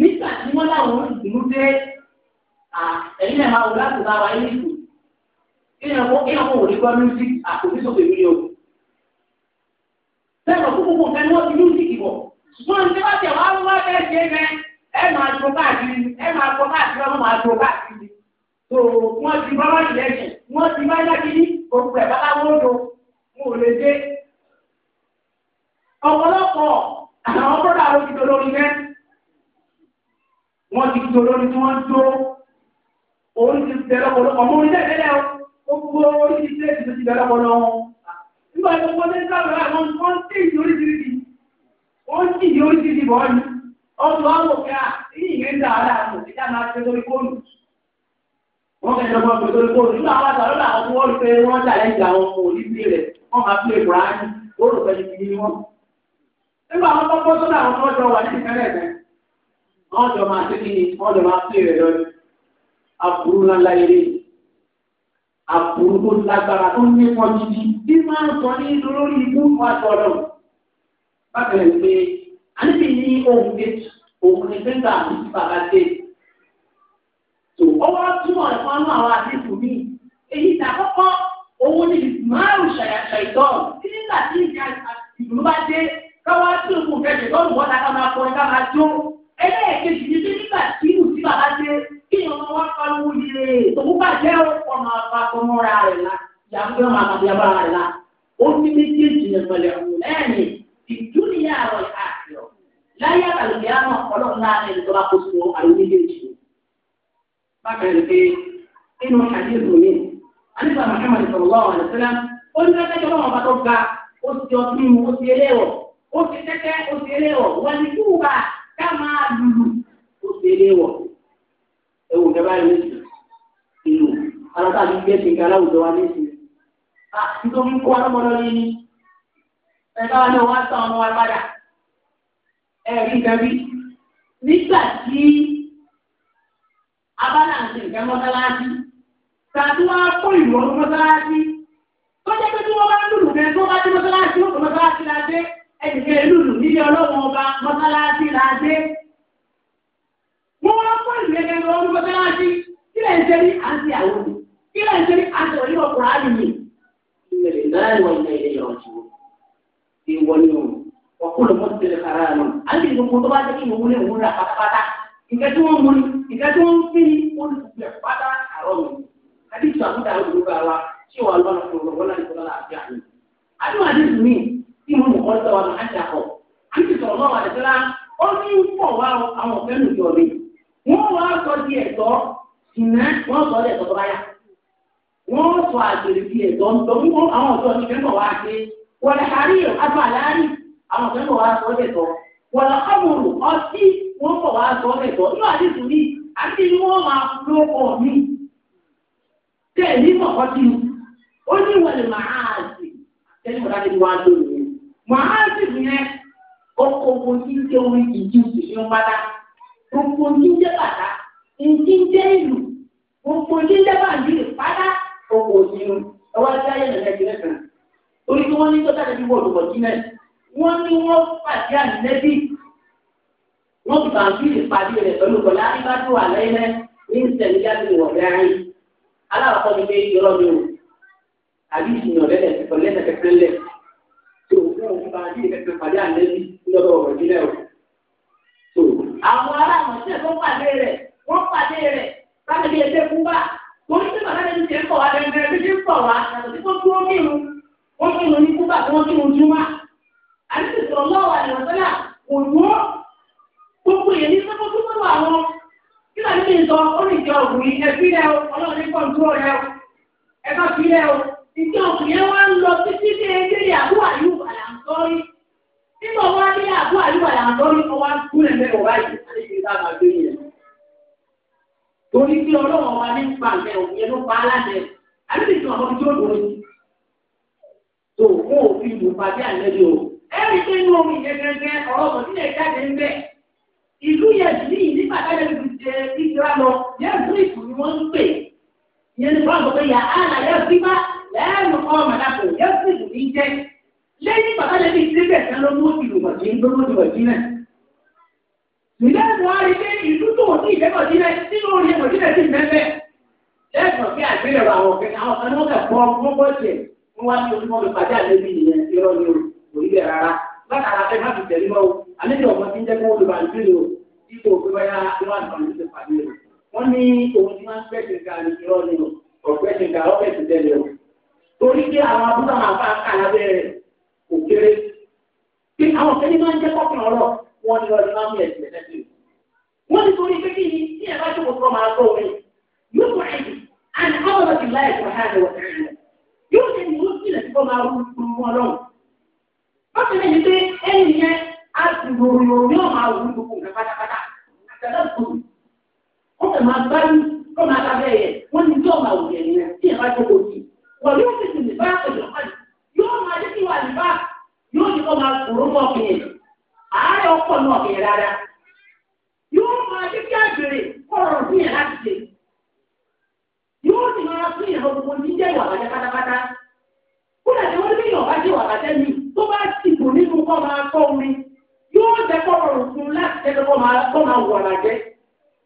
nígbà tí wọ́n láwọn ìdùnnú dé ẹ̀yin ẹ̀ máa wò láti bá wa yín ìlú ìyẹn kó ìyẹn kó wò ní gbọ́ music àkòbísọ̀tò èmi o. Bẹ́ẹ̀ni ọ̀kú gbogbo nǹkan ni wọ́n ti music wọ̀. Ṣùgbọ́n ní bá tẹ̀ wá wá bẹ́ẹ̀ ṣe é mẹ́ ẹ máa tó káàkiri ẹ máa tó káàkiri ọmọ máa tó káàkiri. Tó wọ́n ti bá wá ìlẹ́sìn wọ́n ti bá yá kiri òkú ẹ̀ bá wọ́n lò wọn ò lè dé ọ̀pọ̀lọpọ̀ àwọn bọ́dà ló ti dolórí mẹ́. Wọ́n ti dolórí tí wọ́n tó orí ti tẹ lọ́pọ̀lọpọ̀ ọmọ orí tẹ̀lé o gbogbo orí ti tẹ̀lé ti tẹ lọ́pọ̀lọ. Nígbà tó wọ́n ti sábà rà wọ́n wọ́n ti ìdí oríṣiríṣi wọ́n ti ìdí oríṣiríṣi bọ̀ ọ́ ni. Ọ̀sùn nígbà wọn bọ́ sọ́dọ̀ àwọn ọmọ ọjọ́ wà ní ìpínlẹ̀ rẹ̀ wọ́n jọ máa ṣe kí ni wọ́n jọ máa pè rẹ̀ lọ́dún aburú ńlá eré aburú tó lágbára tó ní pọ̀ gidi bí máa ń sọ ní lórí ikú wa sọ̀rọ̀ bákan ẹ̀ pé àníbi ní ohun kejì òun ni pẹ́ńtà àti bàbá dé tó ọwọ́ túmọ̀ ẹ̀fọ́ nú àwọn àdéhùn mi èyí ìtàkọ́kọ́ òun ni márùn ṣàyàṣà ìtọ́ nígbà tí ìjà ìlú káwá tí o kùn fẹsẹ̀ lọ́rùn wọn la ká máa kọrin ká máa jó ẹlẹ́ẹ̀kejì ni bí nígbà tí ìlú tí bàbá dé kí ọmọ wa pariwo yire tòun bàjẹ́ ọkọ̀ máa fa tọmọra rẹ̀ la yàgbé ọmọ àmàdíyàbá rẹ̀ la ó ní méjèèjì ní ìpẹlẹ ọ̀hún lẹ́yìn ìdúnìyà àrọ̀ ìhàfẹ́ láyé àtàlùkẹ́ àmọ́ ọlọ́run náà ní ìjọba kó so àwọn méjèèjì. bákan ní pé nínú àdéhùn mi àníbà Muhammad sallallahu alaihi wasallam ó ní ẹgbẹ́ ìjọba wọn bá tó ga ó ti ọtí mu ó ti eléwọ̀ ó ti tẹ́tẹ́ ó ti lé wọ̀ wọ́n ní kúùbà ká máa lùlù ó ti lé wọ̀ ẹ̀wù kẹ́ báyìí ní sùn ìlú aláta ní gbé ṣe nǹkan aláwùjọ wa ní sùn à nítorí kó alábọ̀dọ̀ ní ní ẹ̀ka wa ní wọ́n á tán ọmọ wa padà ẹ̀rí nǹkan bí nígbà tí abala ń ṣe nǹkan mọ́tálásí tàbí wọ́n á kó ìwọ́n mọ́tálásí tó jẹ́ pé tí wọ́n bá ń lùlù kẹ́ tó bá dé mọ́tálásí ó kọ́ mọ́tálásí la dé ẹ̀jẹ̀ lùlù nílé ọlọ́run ọba mọ́sálásí la wọ́n wá fún ìlú ẹgbẹ́ ní mọ́sálásí kí lẹ́yìn ṣe ní àti àwọn mi kí lẹ́yìn ṣe ní àti ọ̀yọ́ ọkùnrin àmì mi. ìrẹ̀lẹ̀ náà wọ ilé ilé yọ̀ ọ̀tí o. ìwọ ni o ọkùnrin mọ́ ti tẹ̀lé kàrá nù. a ń tó bá jẹ́ kí ìwọ̀n múlẹ̀ wọ́n múni ìkẹ́ wọ́n ti tí mọ̀ ọ́ sọ̀rọ̀ máa ń dàpọ̀. sọ̀rọ̀ náà wà lẹ́sẹ̀lá ó ní pọ̀ wá àwọn ọ̀fẹ́ nù yọ̀ wọ́n wá sọ di ẹ̀tọ́ ìná wọ́n sọ di ẹ̀tọ́ tó bá yà. wọ́n sọ àgbèrè di ẹ̀tọ́ nítorí wọn àwọn ọ̀dọ́ ti fẹ́ mọ̀ wá pé wọ́n àárí àbá àlárí àwọn ọ̀fẹ́ mọ̀ wá sọ di ẹ̀tọ́. wọ́n ọmọlù muhammed yẹn ọkọ ogun tí ń jẹ orin ìdí ìdílé ọmọdá gbogbo tí ń jẹ bàtà ìdí ń jẹ ìlú gbogbo tí ń jẹ bàbí ìpadà ọkọ òsínú ẹwà tí ayé nàìjíríà ti rẹsàn orí tí wọn ní tó dára bí wọn lò wọn jílẹ wọn ní wọn pàdé ànínẹbí wọn fi bàbí ìpàdé rẹ pẹ̀lú kọlá ibadu àlẹyẹ ní sẹlẹyà ti wọ bẹ̀rẹ̀ aláwọ kọ pé irọ́ mi ò àbí ìsìn ọlẹlẹ ọlẹlẹ kẹkẹrẹ lẹ nípa ní ìfẹ̀fẹ̀ pàdé àlẹ́bí lọ́dọ̀ ọ̀rọ̀ ìbílẹ̀ o. àwọn ará tó pàdé rẹ̀ wọ́n pàdé rẹ̀ láti fi ẹsẹ̀ fún bá torí pé bàbá mi ti ń pọ̀ wá gẹ́gẹ́ bí ti ń pọ̀ wá yàtọ̀ sí kó dúró kírun wọ́n kírun ní kúbà tí wọ́n kírun júmọ́ àti lọ́wọ́ àdìmọ̀tẹ́là kò dúró gbogbo èyí ní sọ́kọ́ tó sọ̀rọ̀ àwọn kí làbí mi sọ ó lè jẹ òògùn yìí ẹ fi lẹ́ o ọlọ́run ní kọ́ńtúrò rẹ o ẹ bá fi lẹ́ o ìjọ òkùnrin wa ń lọ títí dé ilé ìyàwó àyù àlàǹtọ́rí nígbà wá ní àbú àyù àlàǹtọ́rí kan wá gúnlẹ̀ mẹ́wàá báyìí àti ìgbà màgbé yẹn. torí pé ọlọ́wọ́ wa ní pa àmì òkùnrin yẹn ló pa aláṣẹ àbí ìjọ àwọn tí ó lò ó tó fún òfin ìlú pàdé àlejò o. ẹ̀rí pé inú omi yẹn gẹ́gẹ́ ọ̀rọ̀ kò sílẹ̀ jáde ń bẹ̀. ìlú yẹn sì ní nígbà táyà ti ṣe ìgbéra lọ yẹn fún ìtù lẹ́nu kọ́ màdàpọ̀ yóò sì lù ní jẹ́ lẹ́yìn bàbá lẹ́bi síbẹ̀ tán ló mú ìlú wọ̀jì ń gbóná wọ̀jì náà. ìlú wa rí pé ìlú tó wọ́n sí ìfẹ́ wọ̀jì náà sínú orin wọ̀jì náà sì mẹ́fẹ́. lẹ́sùn kí àgbélẹ̀rọ àwọn ọ̀kẹ́ àwọn kan ní wọ́n kà gbọ́ ló ti pàdé o. wọ́n ní òun ti máa ń gbẹ̀sìn ká ní irọ́ o ọ̀gbẹ́sìn ká ọ̀gbẹ́sìn tẹ̀lé o torí pé àwọn abúlé àwọn afá kàlábẹ́ rẹ̀ kò kéré pé àwọn kẹ́lí máa ń jẹ́ kọ́kàn ọ̀rọ̀ wọ́n ní ọdún máa ń yẹ̀ ẹ̀sìn ẹ̀sìn wọ́n ní torí pé kí ni tí ẹ bá jókòó tó máa gbọ́ yóò wọ ẹ̀yìn àti àwọn ọ̀rọ̀ ti láì fún ààrẹ wọ̀ yóò ṣe ní oṣù ilẹ̀ tó máa rú fún wọn lọ́wọ́ wọ́n ti rẹ̀ ní pé ẹ̀yìn yẹn á ti ròyìn yóò máa wù gbogbo nǹkan pátápátá àtàlẹ́ pẹ̀lú òṣìṣì nìbá ìjọpẹ̀lú yóò máa dé kíwà nìbá yóò ní kó máa kúrú mọ́ ọkùnrin àárẹ̀ ọkọ̀ náà kìí rárá yóò máa dé kí àgbèrè kọ̀rọ̀ sí yẹn láti ṣe yóò sì máa fún yẹn gbogbo níjẹ́ ìwà bàjẹ́ pátápátá kúrò àti wọ́n ní bí yọ̀ọ̀bá jẹ́ ìwà bàjẹ́ mi tó bá ti bò nínú kọ́ máa kọ́ orin yóò jẹ́ kọ́rọ̀ fún láti jẹ́ kọ́ máa wọ̀ bàjẹ́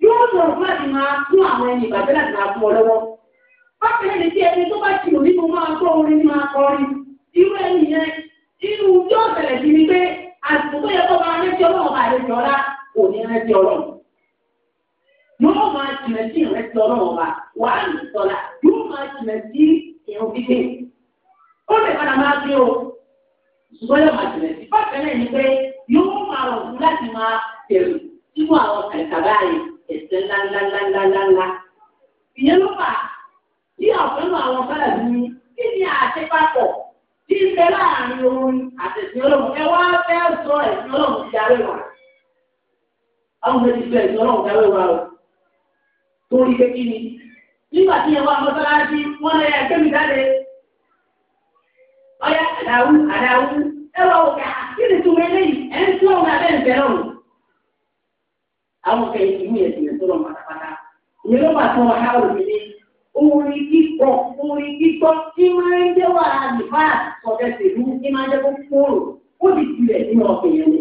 yóò sọ̀rọ̀ fún bákan ní kí ẹni tó bá ti lò nínú máa gbọ́ orin máa kọrin irú ẹni yẹn irú yóò ṣẹlẹ̀ sí ni pé àsìkò tó yẹ kó máa rántí ọlọ́run máa lè jọra kò ní rántí ọlọ́run yóò máa jìnà sí ìrántí ọlọ́run ọba wàá lè sọ̀la yóò máa jìnà sí ìrùn gbígbé ó lè padà máa gbé o ṣùgbọ́n yóò máa jìnà sí bákan náà pé yóò máa rọ̀ fún láti máa tẹ̀lé sínú àwọn kàìkàbáyé ẹ̀sẹ̀ ńláńláńláńláńlá ìyẹn tí ọ̀pẹ́nu àwọn bẹ́ẹ̀ ni kí ni àṣepapọ̀ tí ń bẹ láàrin orin àtẹ̀sìn ọlọ́run ẹ wá fẹ́ sọ ẹ̀sìn ọlọ́run ti darí wa. àwọn ọmọ ti sọ ẹ̀sìn ọlọ́run darí wa o torí pé kí ni nígbà tí ẹ wá mọ́sálásí wọ́n lè ẹgbẹ́ mi jáde ọ̀yá àdáwú àdáwú ẹ wá òkè ah, kí ni tùmọ̀ eléyìí ẹ̀ ń tún ọ̀gá bẹ́ẹ̀ bẹ́ẹ̀ lọ́rùn. àwọn ọ̀kẹ́ ìlú ẹ̀sìn ẹ̀sìn ọlọ́run pátápátá ìyẹn ló bá tún ọ orin kíkọ orin kíkọ tí máa ń jẹ́ wà nípa sọ̀tẹ̀ tèlú tí máa ń jẹ́ kó kúrò ó ti tilẹ̀ nínú ọ̀sẹ̀ yẹn ni.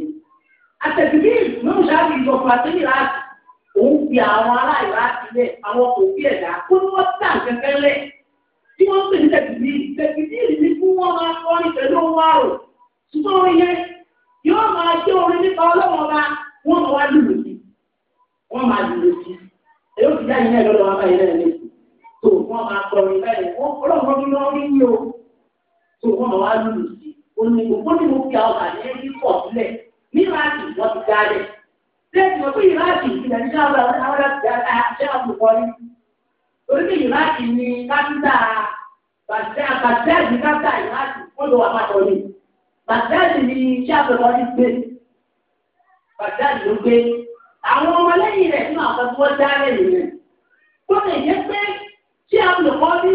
àtẹ̀síbí lóun ṣáàbì ìjọba àti ìlàjì òun fi àwọn aráàlú láti lẹ̀ àwọn kò fi ẹ̀dá kó ní wọ́n tà kẹ́kẹ́ lẹ̀ tí wọ́n pè ní tẹ̀síbí tẹ̀síbí ní fún wọn máa kọ́ ní pẹ̀lú ohun àrò ṣùgbọ́n orin yẹn yóò máa jẹ́ máa sọ orí báyìí wọ́n ọlọ́run bí wọ́n rí yìí o tó wọ́n máa wá lùlù sí oní òkú ni mo fi àwọn àlẹ́ yìí pọ̀ sílẹ̀ ní láti wọ́n ti dálẹ̀ lẹ́yìn ọ̀pẹ́ ìráàkì ìpìlẹ̀ ní àwọn àwọn àṣẹ àbùkọ́rí orílẹ̀ ìráàkì ni kápítà bàtẹ́ẹ̀dì kápítà ìráàkì ó àpapọ̀ ni bàtẹ́ẹ̀dì ni iṣẹ́ àbùkọ́rí gbé bàtẹ́ẹ̀dì ló gbé tí a lò kọ́ bí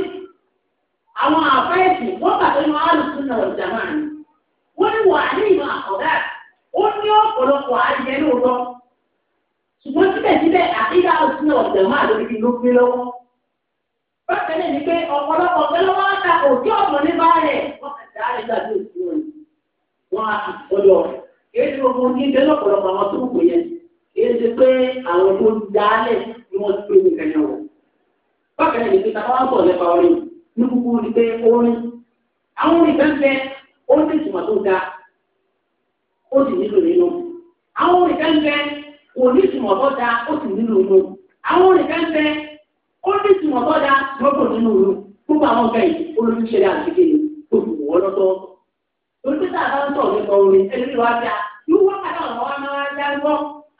àwọn àfẹ́ẹ̀sì wọ́n bàtà inú àlùkùn náà ọ̀jà máa ní. wọ́n ní wà ní ìlú àkọ́dá ó ní ọ̀pọ̀lọpọ̀ adìyẹ lóòótọ́ ṣùgbọ́n síbẹ̀síbẹ̀ àkíyà àlùkùn náà ọ̀jà máa lórí ibi gbé lọ́wọ́. bákan náà ni pé ọ̀pọ̀lọpọ̀ pẹ̀lú wọn ta òjò ọ̀pọ̀ ní báyẹ̀ wọ́n kàtà rẹ̀ gbàgbé òjò wọn. wọ́n á ti pè bákan náà nìkan táwọn ń sọ̀rọ̀ nípa orin ní kúkú ni pé orin àwọn orin kan fẹ́ ó ní ìtumọ̀ tó ga ó sì nílò nínú àwọn orin kan fẹ́ kò ní ìtumọ̀ tó da ó sì nílò nínú àwọn orin kan fẹ́ ó ní ìtumọ̀ tó da lọ́pọ̀ nínú ìlú gbogbo àwọn ọ̀gá yìí olùṣẹ́lẹ̀ àtìkè kò sì wọ́ lọ́tọ́ọ̀tọ̀ torí pé tá a bá ń sọ̀rọ̀ nípa orin ẹni ló wá bí a yóò wọ́n padà ọ̀nà wa máa dá gbọ́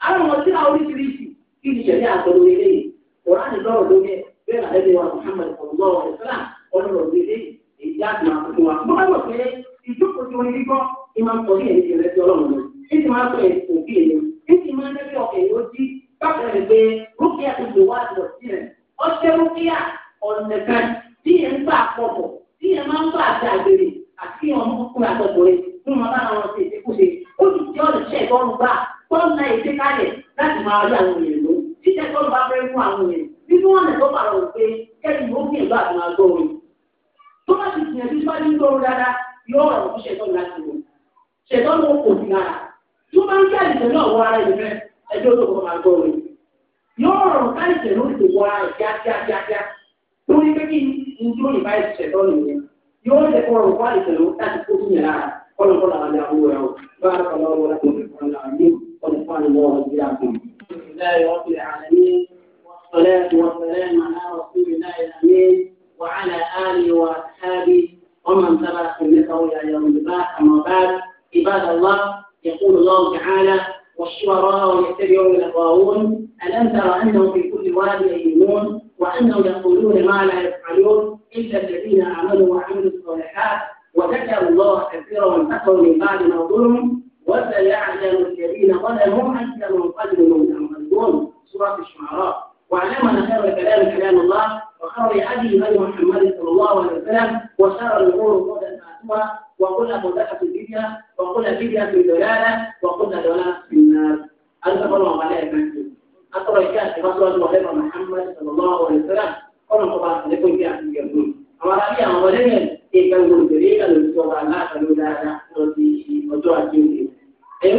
àwọn ọmọ tí a oríṣiríṣi kí ni ìṣẹ̀lẹ̀ àtọ̀rọ̀ ilé yìí kò bẹ́ẹ̀ àlẹ́ wa Muhammad ọ̀gbọ́n ọ̀sán ọ̀nà òdìdí ìjà àti àkókò wa. mo máa ń lọ pé ìjókòó tí wọ́n ní gbọ́ ni máa ń sọ ní ẹ̀yìn ìrẹsì ọlọ́run lọ. ní ti máa ń sọ òbí èèyàn ní ti máa ń dẹ́bí ọkẹ̀ yóò dí bákan rẹ̀ pé rúkìá ti lò wá àtìwọ̀ sí rẹ̀. ọṣẹ rúkìá ọ̀nà kan tí ẹ̀ ń gbà pọ̀pọ̀ tí ẹ̀ máa ń gbà àti àgbèrè àti ọmọkùnrin àtọkùnrin fún wọn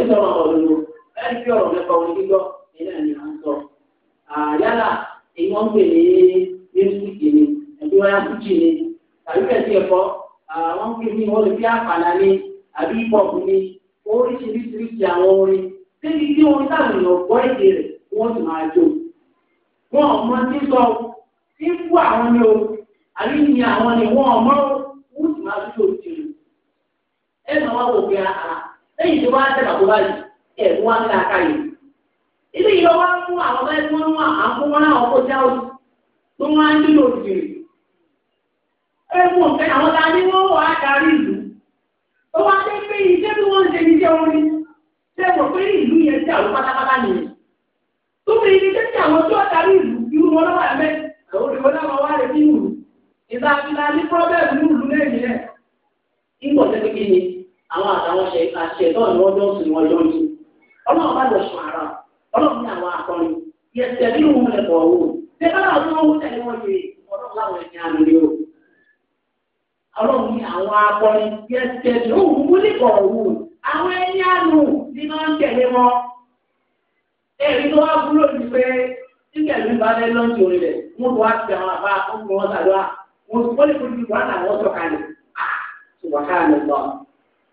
sọ̀rọ̀ ọ̀rọ̀ lò láti fi ọ̀rọ̀ mẹ́fà orin gbígbọ́ ilé ẹ̀mí à ń sọ. Àyálà èyí ń pè ní mísíkì ni ẹ̀bí wọ́n yá fújì ni tàbí kẹ̀sí ẹ̀kọ́ wọ́n pè ní wọ́n lè fi àpàlà ni àbí ìpọ̀pù ni oríṣiríṣiríṣi àwọn orin débi bí orin táwọn èèyàn gbọ́ èdè rẹ̀ wọ́n sì máa jó. Wọ́n ọmọ tí sọ tí fú àwọn ni o àbí ìyìn àwọn ni wọ́n ọmọ wọ́n sì máa jó òjì rẹ̀. Ẹ lẹ́yìn tí wọ́n á tẹ̀lé àkóbá yìí ẹ̀ wọ́n á ń aka yìí. ilé yìí wọ́n mú àwọn ọmọ ẹgbẹ́ wọn wá àwọn náà já tó wọ́n á ń dín ẹ̀gbọ́n kẹ́ àwọn wọ́n á darí ìlú. ó wá dé pé iṣẹ́ tí wọ́n ń ṣe iṣẹ́ ṣe mọ̀ pé ìlú yẹn ti àwọn pátápátá nìyẹn. tó fi iṣẹ́ àwọn darí ìlú lọ́wọ́ àwọn àtàwọn àṣetọ́ ni wọ́n jọ ń sìn wọ́n jọ ń sìn ọlọ́run bá lọ sùn ara ọlọ́run ní àwọn akọrin yẹtẹ nínú wọn lẹ bọ̀ wò ṣé bá àwọn tó ń wọ́n tẹ̀lé wọn yìí ọlọ́run láwọn ẹ̀yìn àná ni o ọlọ́run ní àwọn akọrin yẹtẹ nínú wọn lẹ bọ̀ wò àwọn ẹ̀yìn àná ni máa ń tẹ̀lé wọn ẹ̀rí tó wá búrò ní pé nígbàgbé bá lẹ́ lọ́ọ̀tì orin rẹ̀ wọ́n tó wá ti àwọn àbá ọkùnrin wọn sàdúrà wọ́n tó wọ́n lè fojú ìwà náà wọ́n sọ̀kalẹ̀ ah,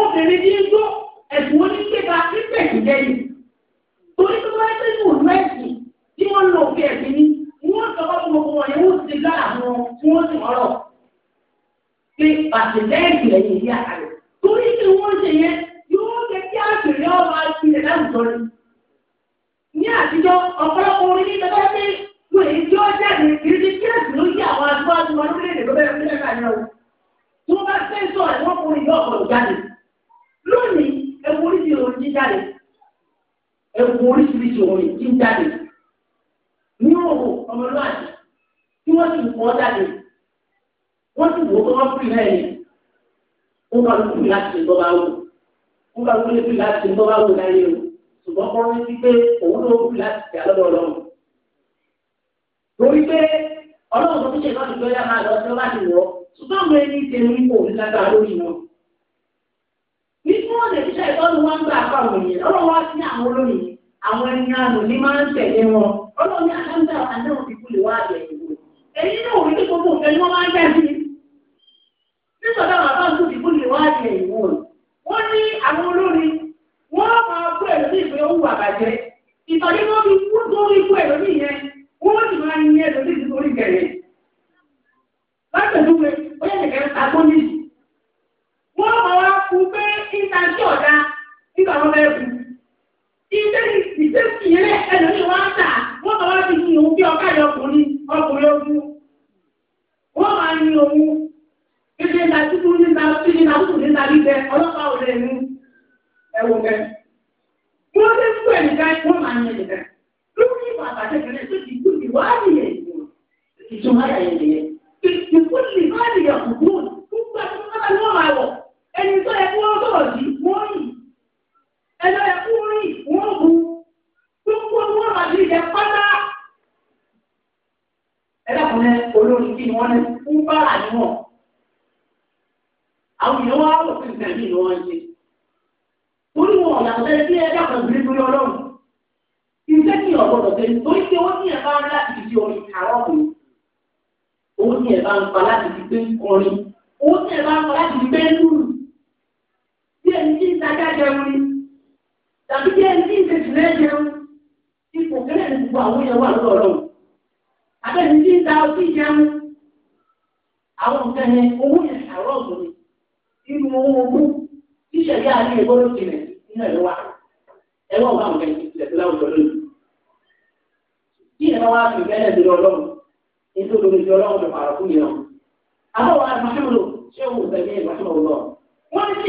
obìnrin tí ń gbó ẹ̀sùn onígbèta pípẹ̀ ìjẹyìn torí tó bá ṣe ìwò ìlú ẹ̀sìn tí wọ́n ń lo òfin ẹ̀sìn ni wọ́n sọ fún gbogbo wọn yẹn wọ́n ti lára àwọn tí wọ́n sì ọ̀rọ̀ pé pàṣẹlẹ́yìn lẹ́yìn ìyá rẹ̀ torí tí wọ́n ṣe yẹn yóò jẹ́ kí àṣírí ọba ìpìlẹ̀ láwùjọ ni. ní àtijọ́ ọ̀pọ̀lọpọ̀ orin ní ìjọba pé wọ́n èyí tí ó jáde kiri kí ẹ̀sìn ló yí àwọn adúláwọ̀ tí wọ́n lórílẹ̀ lónìí ẹkùn oríṣiríṣi òun ti jáde ẹkùn oríṣiríṣi òun ti jáde ní òwò ọmọlúwàdì tí wọ́n ti kọ́ jáde wọ́n ti wò ó wọ́n fi náà yẹn wọ́n bá lóko láti ṣe gbọ́ba wò wọ́n bá lóko láti ṣe gbọ́ba wò láyé o ṣùgbọ́n kọ́ wọ́n ti pé òun ló kù láti ṣe àlọ́dọ̀ ọlọ́run torí pé ọlọ́run tó ti ṣe lọ́dún tó yá máa lọ sí ọ láti wọ̀ ṣùgbọ́n àwọn ẹni tẹ̀lé ipò nígbàgbà lórí wọn bẹ́ẹ̀ tọ́nu wọn gbà fún àwọn èèyàn ọlọ́run wá sí àwọn olóyìn àwọn ẹni àná ní máa ń tẹ̀lé wọn ọlọ́run ní àdáńdá àdáhùn ti kú lè wá àgbẹ̀ ìwò èyí náà wọ́n ní gbogbo òfin ni wọ́n máa ń bẹ̀ sí nítorí àwọn àbáǹtò ti kú lè wá àgbẹ̀ ìwò wọ́n ní àwọn olórin wọ́n máa kú ẹ̀rọ sí ìwé owó àbàjẹ́ ìtọ́jú wọn fi kú lórí ikú ẹ̀rọ nìyẹn wọ́n sì máa ń yẹ ẹ̀rọ sí ìdíkórí gẹ̀rẹ̀ látẹ̀dúwẹ̀ ọmọ ẹ̀kú. Ilé ihe ìyẹlẹ̀ ẹlòmíì wọ́n á tà wọ́n máa wá fi yin bí ọ̀ká yọ ọkùnrin ọkùnrin ogun. Wọ́n máa yin òun kéde níta títún níta ò lè mú fún ìwà tó ti ni Ẹni tó yẹ wọ́n yìí. ẹ̀dọ́ yẹ kú rí wọ́n bu gbogbo wọn àti ìjẹ pátá. ẹ̀dá kan ní olórí kí ni wọ́n ní fún bára ni wọ́n. àwọn èèyàn wá rò sí ìtẹ̀lé ni wọ́n ṣe. torí wọn ọ̀nà ọ̀sẹ̀ sí ẹ̀dá kan sí nítorí ọlọ́run. iṣẹ́ ní ọ̀gbọ́dọ̀ tẹ̀ nítorí pé wọ́n ní ẹ̀bá láti fi orin kàrọ́ mi. ó ní ẹ̀bá ń pa láti fi pé kọrin. ó ní ẹ̀bá ń pa láti fi pé lù. bí ẹni tí ń tàbí kí ẹni tí ń ṣe jùlọ ẹ̀jẹ̀ ipò kẹ́lẹ́ ní gbogbo àwọn èèyàn wà lọ́wọ́ lọ́wọ́ àbẹ́ni tí ń ta ọtí jẹun àwọn nǹkan yẹn owó yẹn àrọ́ ọ̀gbìn irú owó ogún tí ìṣẹ̀lẹ̀ àárín ìgbọ́dọ̀ tilẹ̀ nínú ẹ̀rọ wa nǹkan láwùjọ lónìí ti lọ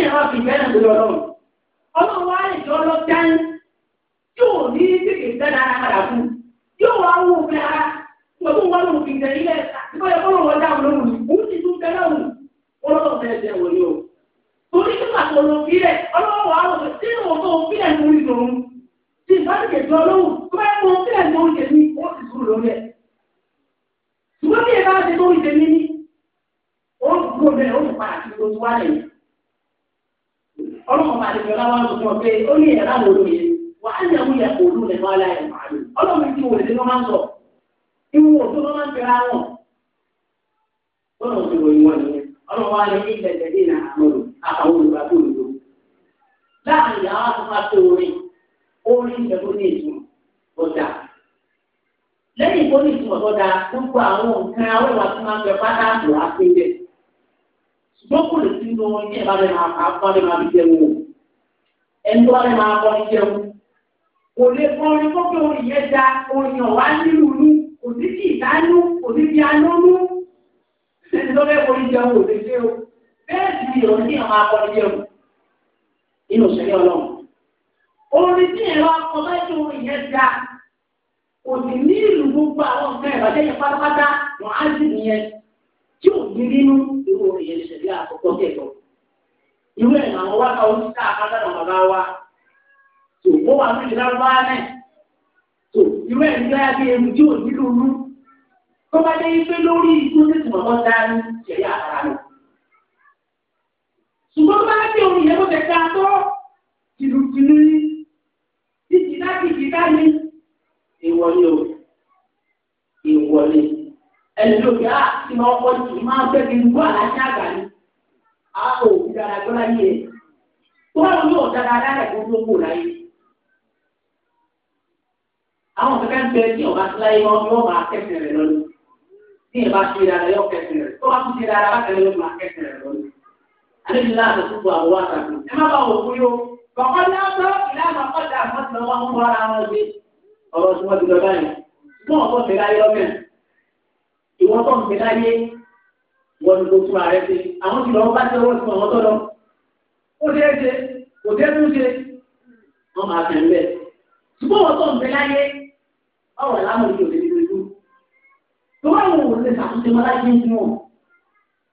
wọ́n ní fi ọlọ́run wá lọ dání yóò ní kékeré dáná ara padà fún yóò wá wò ó pé ara ah, wọ́n tún wá lóhùn kìí tẹ̀lé ẹ̀ àtìkọ́ yẹ kọ́lọ́ wọn dáhùn lóhùn ní òun ti tún tẹ́ lọ́hùn ọlọ́run fẹ́ẹ́ jẹ wọlé o torí nígbà tó lọ fi rẹ̀ ọlọ́run wà á lọ sí sínú ọ̀tọ̀ òfin ẹ̀ lórí lòun tí ìbáṣekè jọ lóhùn tó bá yẹ kó òfin ẹ̀ lórí tèmi ó sì tún lórí ẹ̀ ṣùgbọ́n bí ẹ bá ṣe lórí tèmi ní ó gbọ́dọ̀ ọlọ́run máa lè fi ọlọ́wọ́ lọ sọ pé ó ní ìyàrá wo ló yẹ wà á yẹ wúyà kó lù lẹ́nu alá ẹ̀ màálù ọlọ́run ti wòlé ló máa ń sọ ìwọ tó ló máa ń wọn ọlọ́run ti wòye wọn nìyẹn ọlọ́run wa ní ìlẹ̀lẹ̀ ní ìlànà àmọ́lò àtàwọn olùgbàgbọ́ òdodo láàrin ìyàwó àtúntà tó orin orin ìjẹ́kọ́ ní ìtumọ̀ ọjà lẹ́yìn ìkọ́ni ìtumọ̀ ọjà gbogbo àwọn nǹkan lókùnrin sínú ilé ìbálẹ̀ máa kà á fún alẹ́ máa fi jẹun o ẹni tó alẹ́ máa kọ́ ní jẹun kò lè kọ́ orin tó pé orin yẹn da orin ọ̀wá nílùú nú kò sí kí ìdánú kò sí kí anú nú ṣèṣin tó fẹ́ orin jẹun kò lè ṣe o bẹ́ẹ̀ sì ni ìrọ̀lẹ́ yẹn máa kọ́ ní jẹun nínú ìṣẹ̀lẹ̀ ọlọ́run orin tí ẹ̀rọ akọ bá ṣe orin yẹn da kò sì ní ìlú gbogbo àwọn nǹkan ìbàjẹ́ yẹn pátápátá ìyẹn ìṣẹ̀lẹ̀ àkọ́kọ́ kẹ̀kọ́. Irú ẹ̀ àwọn wá ká oṣù tá a ká sọ̀rọ̀ bàbá wa. Tò ó wà ní ìlú wa náà. Tò irú ẹ̀ nígbà yá bí ewu tí ò nílò rú. Tó bá dé ipé lórí ikú tí tì mọ̀mọ́ dá ní ìṣẹ̀lẹ̀ àkàrà lọ. Ṣùgbọ́n bá dé orin yẹn ló ká tó tìlù tìlù ní. Títí dá títí Ìwọ ni o ẹlòmíà tí wọn kọ jù máa ń fẹ́ kí n gbọ́ àlàáfíà àgbà ni a kò fi dára gbọ́ láyé ẹ̀ tó bá wọn yóò dára dára kó tó kó láyé àwọn kankan bẹ ní ọba tí láyé wọn yóò máa kẹsìn rẹ lọ́nà ní ìbá ṣe dára yóò kẹsìn rẹ tó bá tún ṣe dára bá tẹ̀lé yóò máa kẹsìn rẹ lọ́nà àlejò láàbò púpọ̀ àwọn wà tàbí ẹ má bá wọn kúrò bàbá náà bá ìlànà ọ̀dà àmọ́ tí wọ́n ń bọ́ ara wọn gbé ọ̀rọ̀ tí ìwọ́n tó ń bẹ láyé wọ́n ní kó túra rẹ ṣe àwọn tí lọ́wọ́ bá tẹ wọ́n fún àwọn tọ́lọ́ ó dé ṣe kò dé tún ṣe wọ́n máa tẹ̀ ń bẹ̀. ṣùgbọ́n wọ́n tó ń bẹ láyé ọ̀rọ̀ láwọn yìí ò lè dìbò ìlú. tó bá wọn ò lè ṣàkóso wọn láyé ń wọn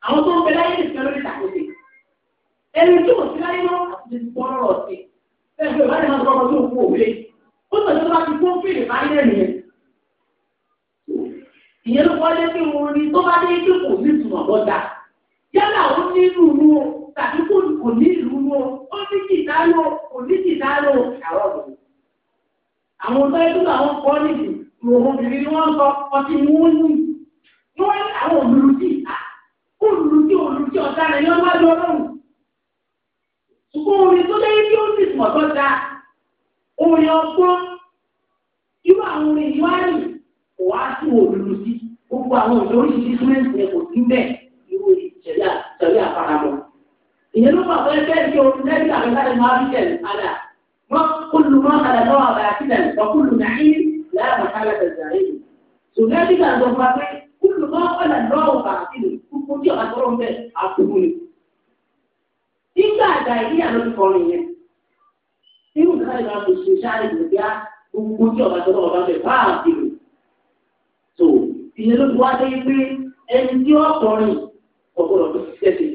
àwọn tó ń bẹ láyé nìkan ló lè ṣàkóso. ẹni tí kò sí láyé lọ àti ti pọ́n lọ́rọ̀ sí. bẹ́ẹ̀ bí o ìyẹn ló wọlé pé wọn ní tó bá dé pé kò ní ìtumọ̀ lọ́jà yálà ó ní ìlú nu o tàbí kò kò ní ìlú nu o ó ní jìdá lò kò ní jìdá lò àwọn ọ̀dọ́ àwọn ọ̀dọ́ ẹgbẹ́ àwọn kọ́ nìyí lòun obìnrin ni wọ́n ń sọ ọtí mú un ní wọ́n ní àwọn olùlùtì olùlùtì olùlùtì ọ̀tá rẹ̀ yọ́n wájú ọlọ́run ṣùgbọ́n orin tó dé kí ó ní ìtumọ̀ lọ́jà orin ọgbọ́n irú àwọn orin ìwárìí kò wá sí òdodo sí gbogbo àwọn ọ̀dọ́ oríṣiríṣi fúlẹ́ǹsì yẹn kò sí bẹ́ẹ̀ irú ìṣẹ̀lẹ̀ àtẹ̀lé àfarabọ̀. ìyẹn ló fà fẹ́ fẹ́ kí orin lẹ́yìn àgbẹ̀sáde máa fi tẹ̀lé padà wọ́n kúlù máa padà lọ́wọ́ àbáyà sílẹ̀ lọ́kùlù náà ní láàbà kálẹ̀ tẹ̀sán rẹ̀. ṣùgbọ́n nígbà tó fà pé kúlù máa padà lọ́wọ́ àbáyà sílẹ̀ kúkú tí ọ̀gá tọ́rọ̀ ń bẹ̀ ni. nígbà àgbà ìdíyà ló ti kọrin yẹn. nínú ìdájọ́ kò ṣe ṣáà ìyẹn ló ti wá dé pé ẹni tí ó kọrin ọ̀gbọ̀dọ̀ tó ti tẹ̀sí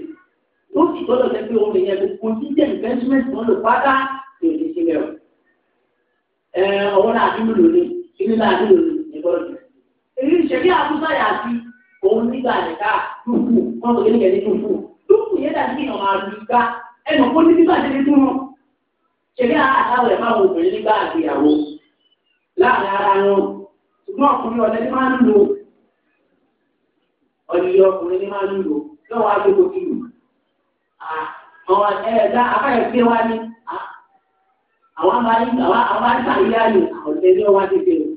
ó sì gbọ́dọ̀ jẹ́ pé orin yẹn gbogbo jíjẹ́ investment wọn lò pátá yóò di sílẹ̀ o. ẹ ọwọ́ náà àti mílò ní ilé náà àti mílò ní ìgbọ́dọ̀ jù. èyí ìṣẹ̀lẹ̀ àbúsá yà sí òun nígbà nìka dùkú wọn kò kéde ní dùkú dùkú yẹn dàbí kí ọmọ àlù ẹnu kó ní nígbà tẹ́lẹ̀ tó wọn. ìṣẹ̀lẹ̀ àtàwọn ẹ̀ máa obìnrin nígbà àgbéyàwó láàrin ara wọn ṣùgbọ́n ọkùnrin ọ̀lẹ́ni máa ń lo ọ̀dìdì ọkùnrin ní máa ń lò yóò wá gbogbo kí lù. àwọn ẹ̀ẹ́dá abáyọ̀ gbé wá ní àwọn abáyọ̀ ìyá lò àwọn ọ̀dẹ́dẹ́ wá ti gbé lò.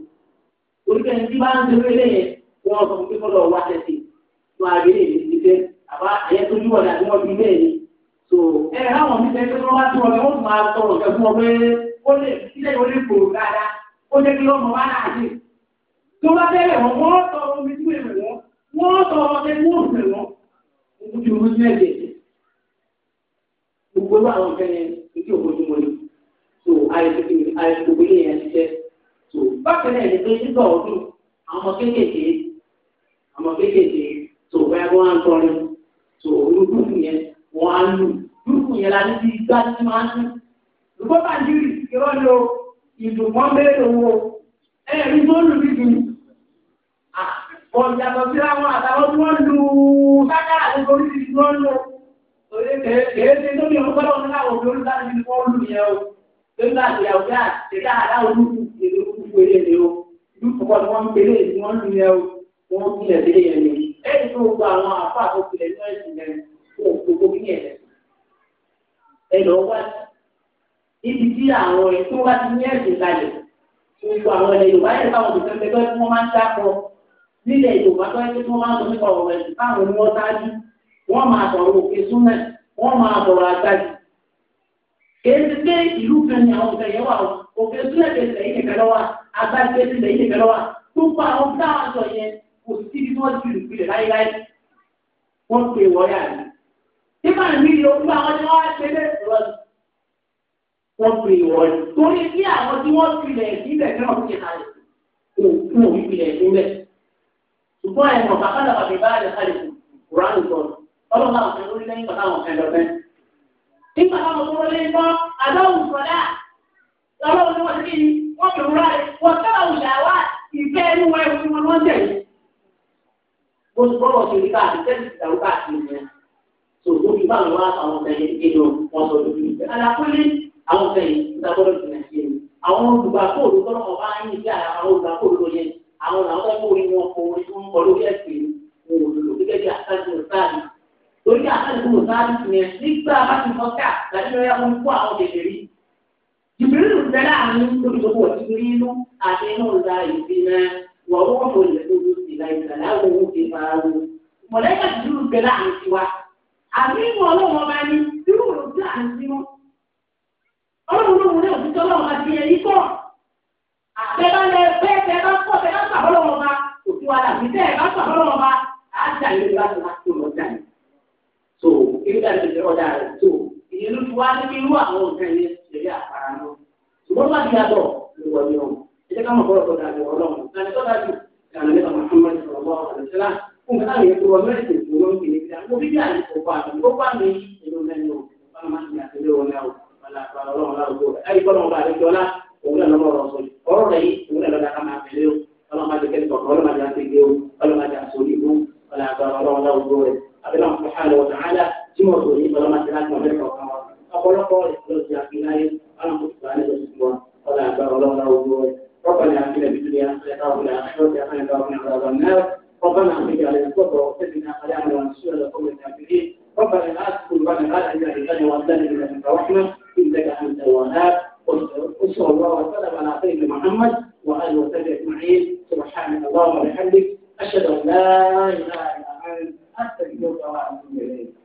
oríkẹ́ ní tí bá ń dúró lé yẹn wọ́n sọ pé kọ́lọ̀ wá tẹ̀sí fún agbélé ní ti fẹ́ àbá ẹ̀yẹ tó yíwọ̀ dàbí wọ́n fi bẹ́ẹ̀ ni. so ẹ ráwọn mi fẹ́ pé wọ́n bá tún ọ̀rẹ́ wọ́n tún máa tọrọ ọ̀fẹ́ fún ọ̀rẹ́ ó lè sílẹ̀ ó lè gbòòrò dáadáa ó jẹ́ kí lọ́mọ wá láàyè. tó bá bẹ̀rẹ̀ wọ́n wọ́n tọrọ omi tí wọ́n wọ́n sọ̀rọ̀ ọdẹ ní òfin lọ ojú ti ojú ní ẹ̀jẹ̀ gbogbo bá àwọn ọ̀fẹ́ yẹn ojú ojú mọ́lẹ̀ so àìsèkè àìsèkè yẹn yẹn ṣiṣẹ́ so bákan náà ẹ̀jẹ̀ pé nígbà ọdún àwọn kéékèèké àwọn kéékèèké so bẹ́ẹ̀ wọ́n á ń kọrin so olúkúlù yẹn wọ́n á lù lùkù yẹn la ní ti gbá tí máa ń lù lùkọ́ bàjírì irọ́ ni o ìdùnkọ́ bẹ́ẹ̀ lówó ọ̀yàtọ̀ sí àwọn àtàwọn tí wọ́n lu sákàrà ní orí ti lọ́ lọ. Èéṣe tó ní ọgbọ́n lọ́wọ́ nígbà wo lórí láti fi wọ́n lù yẹn o. Lórí láti yà ọ̀gá ìdá àdá olúkú èdè olúkú eré ni o. Ìlú púpọ̀ ni wọ́n ń pèlè tí wọ́n lù yẹn o. Wọ́n ń tilẹ̀ dé yẹn ni. Ẹ̀yìn tó gba àwọn àfa àkókòlẹ̀ ní ẹ̀sìn rẹ̀ fún òkúkú kí yẹn. Ẹ lọ wá ibi tí àwọn ẹ̀ tó wá ti ní ẹ̀sìn kalẹ̀. Gbogbo àwọn ẹ̀yọ̀ wáyé nílẹ̀ Yorùbá tó ẹgbẹ́ tí wọ́n máa ń sọ nípa ọ̀rọ̀ ẹ̀sìn táwọn ni wọ́n sáájú wọ́n máa sọ̀rọ̀ òfin súnmẹ̀ wọ́n máa sọ̀rọ̀ àgbáyé. kéde pé ìlú kan ni àwọn òfin yẹn wà ó òfin súnmẹ̀ kẹsì lẹ́yìn nìkan lọ́wọ́ àgbáyé kẹsì lẹ́yìn nìkan lọ́wọ́ gbogbo àwọn táwọn sọ yẹn kò sí ibi tí wọ́n ti rìn pilẹ̀ láíláí wọ́n pe wọ́yà rẹ̀. nígbà míì ṣùgbọ́n ẹ̀ mọ̀ bàbá náà bàbá ìbáraẹ̀ sáré kùránù sọ̀rọ̀ ọlọ́run àwọn kan lórí lẹ́yìn bàbá àwọn kan lọ́fẹ́. nígbà táwọn tó wọlé tán adáwù sọ̀dá lọ́wọ́ ni wọ́n ti kí wọ́n fi wúrà rẹ̀ wọ́n sábà wù dàwà ìfẹ́ inú wọn ẹ̀kú wọn wọ́n tẹ̀lé. bó ti bọ́lọ̀ ṣe nípa àtijọ́ ti dàrú káàkiri yẹn tó tó fi báwọn wá àwọn ọ̀sẹ̀yìn kéde wọn sọ lójú ìfẹ́. alákólé àwọn ọ̀sẹ̀yìn ìdábọ́lọ̀ ti nàìjíríà àwọn olùgbàkóòdù tọ́lọ́mọba ń yí sí àwọn olùgbàkóòdù lóye àwọn làwọn ẹgbẹ́ orí wọn lórí ẹ̀sìn wọn ò lò gẹ́gẹ́ bí àtàkì mùsáàlì torí àtàkì mùsáàlì yẹn nígbà bá ti mọ ká láti lọ́yà wọn kó àwọn kékeré ìbílẹ̀ ló fẹ́ láàrin lórí gbogbo ọ̀tí rí inú àti inú ìlà ìdíná wọ́n wọ́n mọ̀ lẹ́kọ̀ọ́ ìlà ìsàlẹ̀ àwọn ohun ti máa wọ mọ̀lẹ́kà ti dúró fẹ́ láàrin tiwa àbí ìmọ̀ ọlọ́run ọba ni irú òun tí à ń sí wọn ọlọ́run ló wọlé òtítọ́ ọlọ́run àti ẹ̀yìn kọ́ àbẹ́bá lẹ bẹ́ẹ̀ bẹ́ẹ̀ bá kọ́ bẹ́ẹ̀ bá gbà ọlọ́run ọba sí wa làbí tẹ́ ẹ bá sọ̀rọ̀ lọ́wọ́ bá á jà ní ìlú àti láti tó lọ jà ní. tó ìgbà tó ṣe ọ̀dà rẹ̀ tó ìyẹn ló ti wá ní irú àwọn nǹkan yẹn lórí àpárá náà. ṣùgbọ́n bá ti yàtọ̀ ló wọ ní ọ̀hún. ẹ jẹ́ ká mọ̀ bọ́lọ̀ tọ́jà lọ ọlọ́run. ìgbà tó dájú ìgbà nípa Muhammad sọ̀rọ̀ ọlọ́run àlùsílá fún ọ̀rọ̀ rẹ̀ yìí òun náà lọ́dà ká máa tẹ̀lé o. ọlọ́mọ àti kẹ́lẹ́ kọ̀ọ̀kan ọlọ́mọ àti àtẹ̀gbẹ́ o ọlọ́mọ àti àsòrí o ọlọ́mọ àti ọlọ́mọ àti ọgbọ́ rẹ̀ abẹ́lẹ́ wọn fọ́ṣà lọ́wọ́ tààlà tí wọ́n sọ ní ọlọ́mọ àti láti ọ̀rẹ́ kọ̀ọ̀kan wọn ọ̀pọ̀lọpọ̀ rẹ̀ ló ti àfináyé ọlọ́mọ àti ìgbàlẹ̀ lọ sí wọn ọlọ́mọ àti ọlọ́mọ àti ọgbọ́ rẹ̀ ربنا آتنا في الدنيا حسنة وفي الآخرة حسنة وقنا عذاب النار ربنا اغفر علينا الكفر واغفرنا علينا ونسوء لقوم الكافرين ربنا لا تكن بنا لا إله إلا أنت وأبدلنا بك رحمة إنك أنت الوهاب وصلى الله وسلم على سيدنا محمد وأن وصحبه أجمعين سبحان الله وبحمدك أشهد أن لا إله إلا أنت أستغفرك وأتوب إليك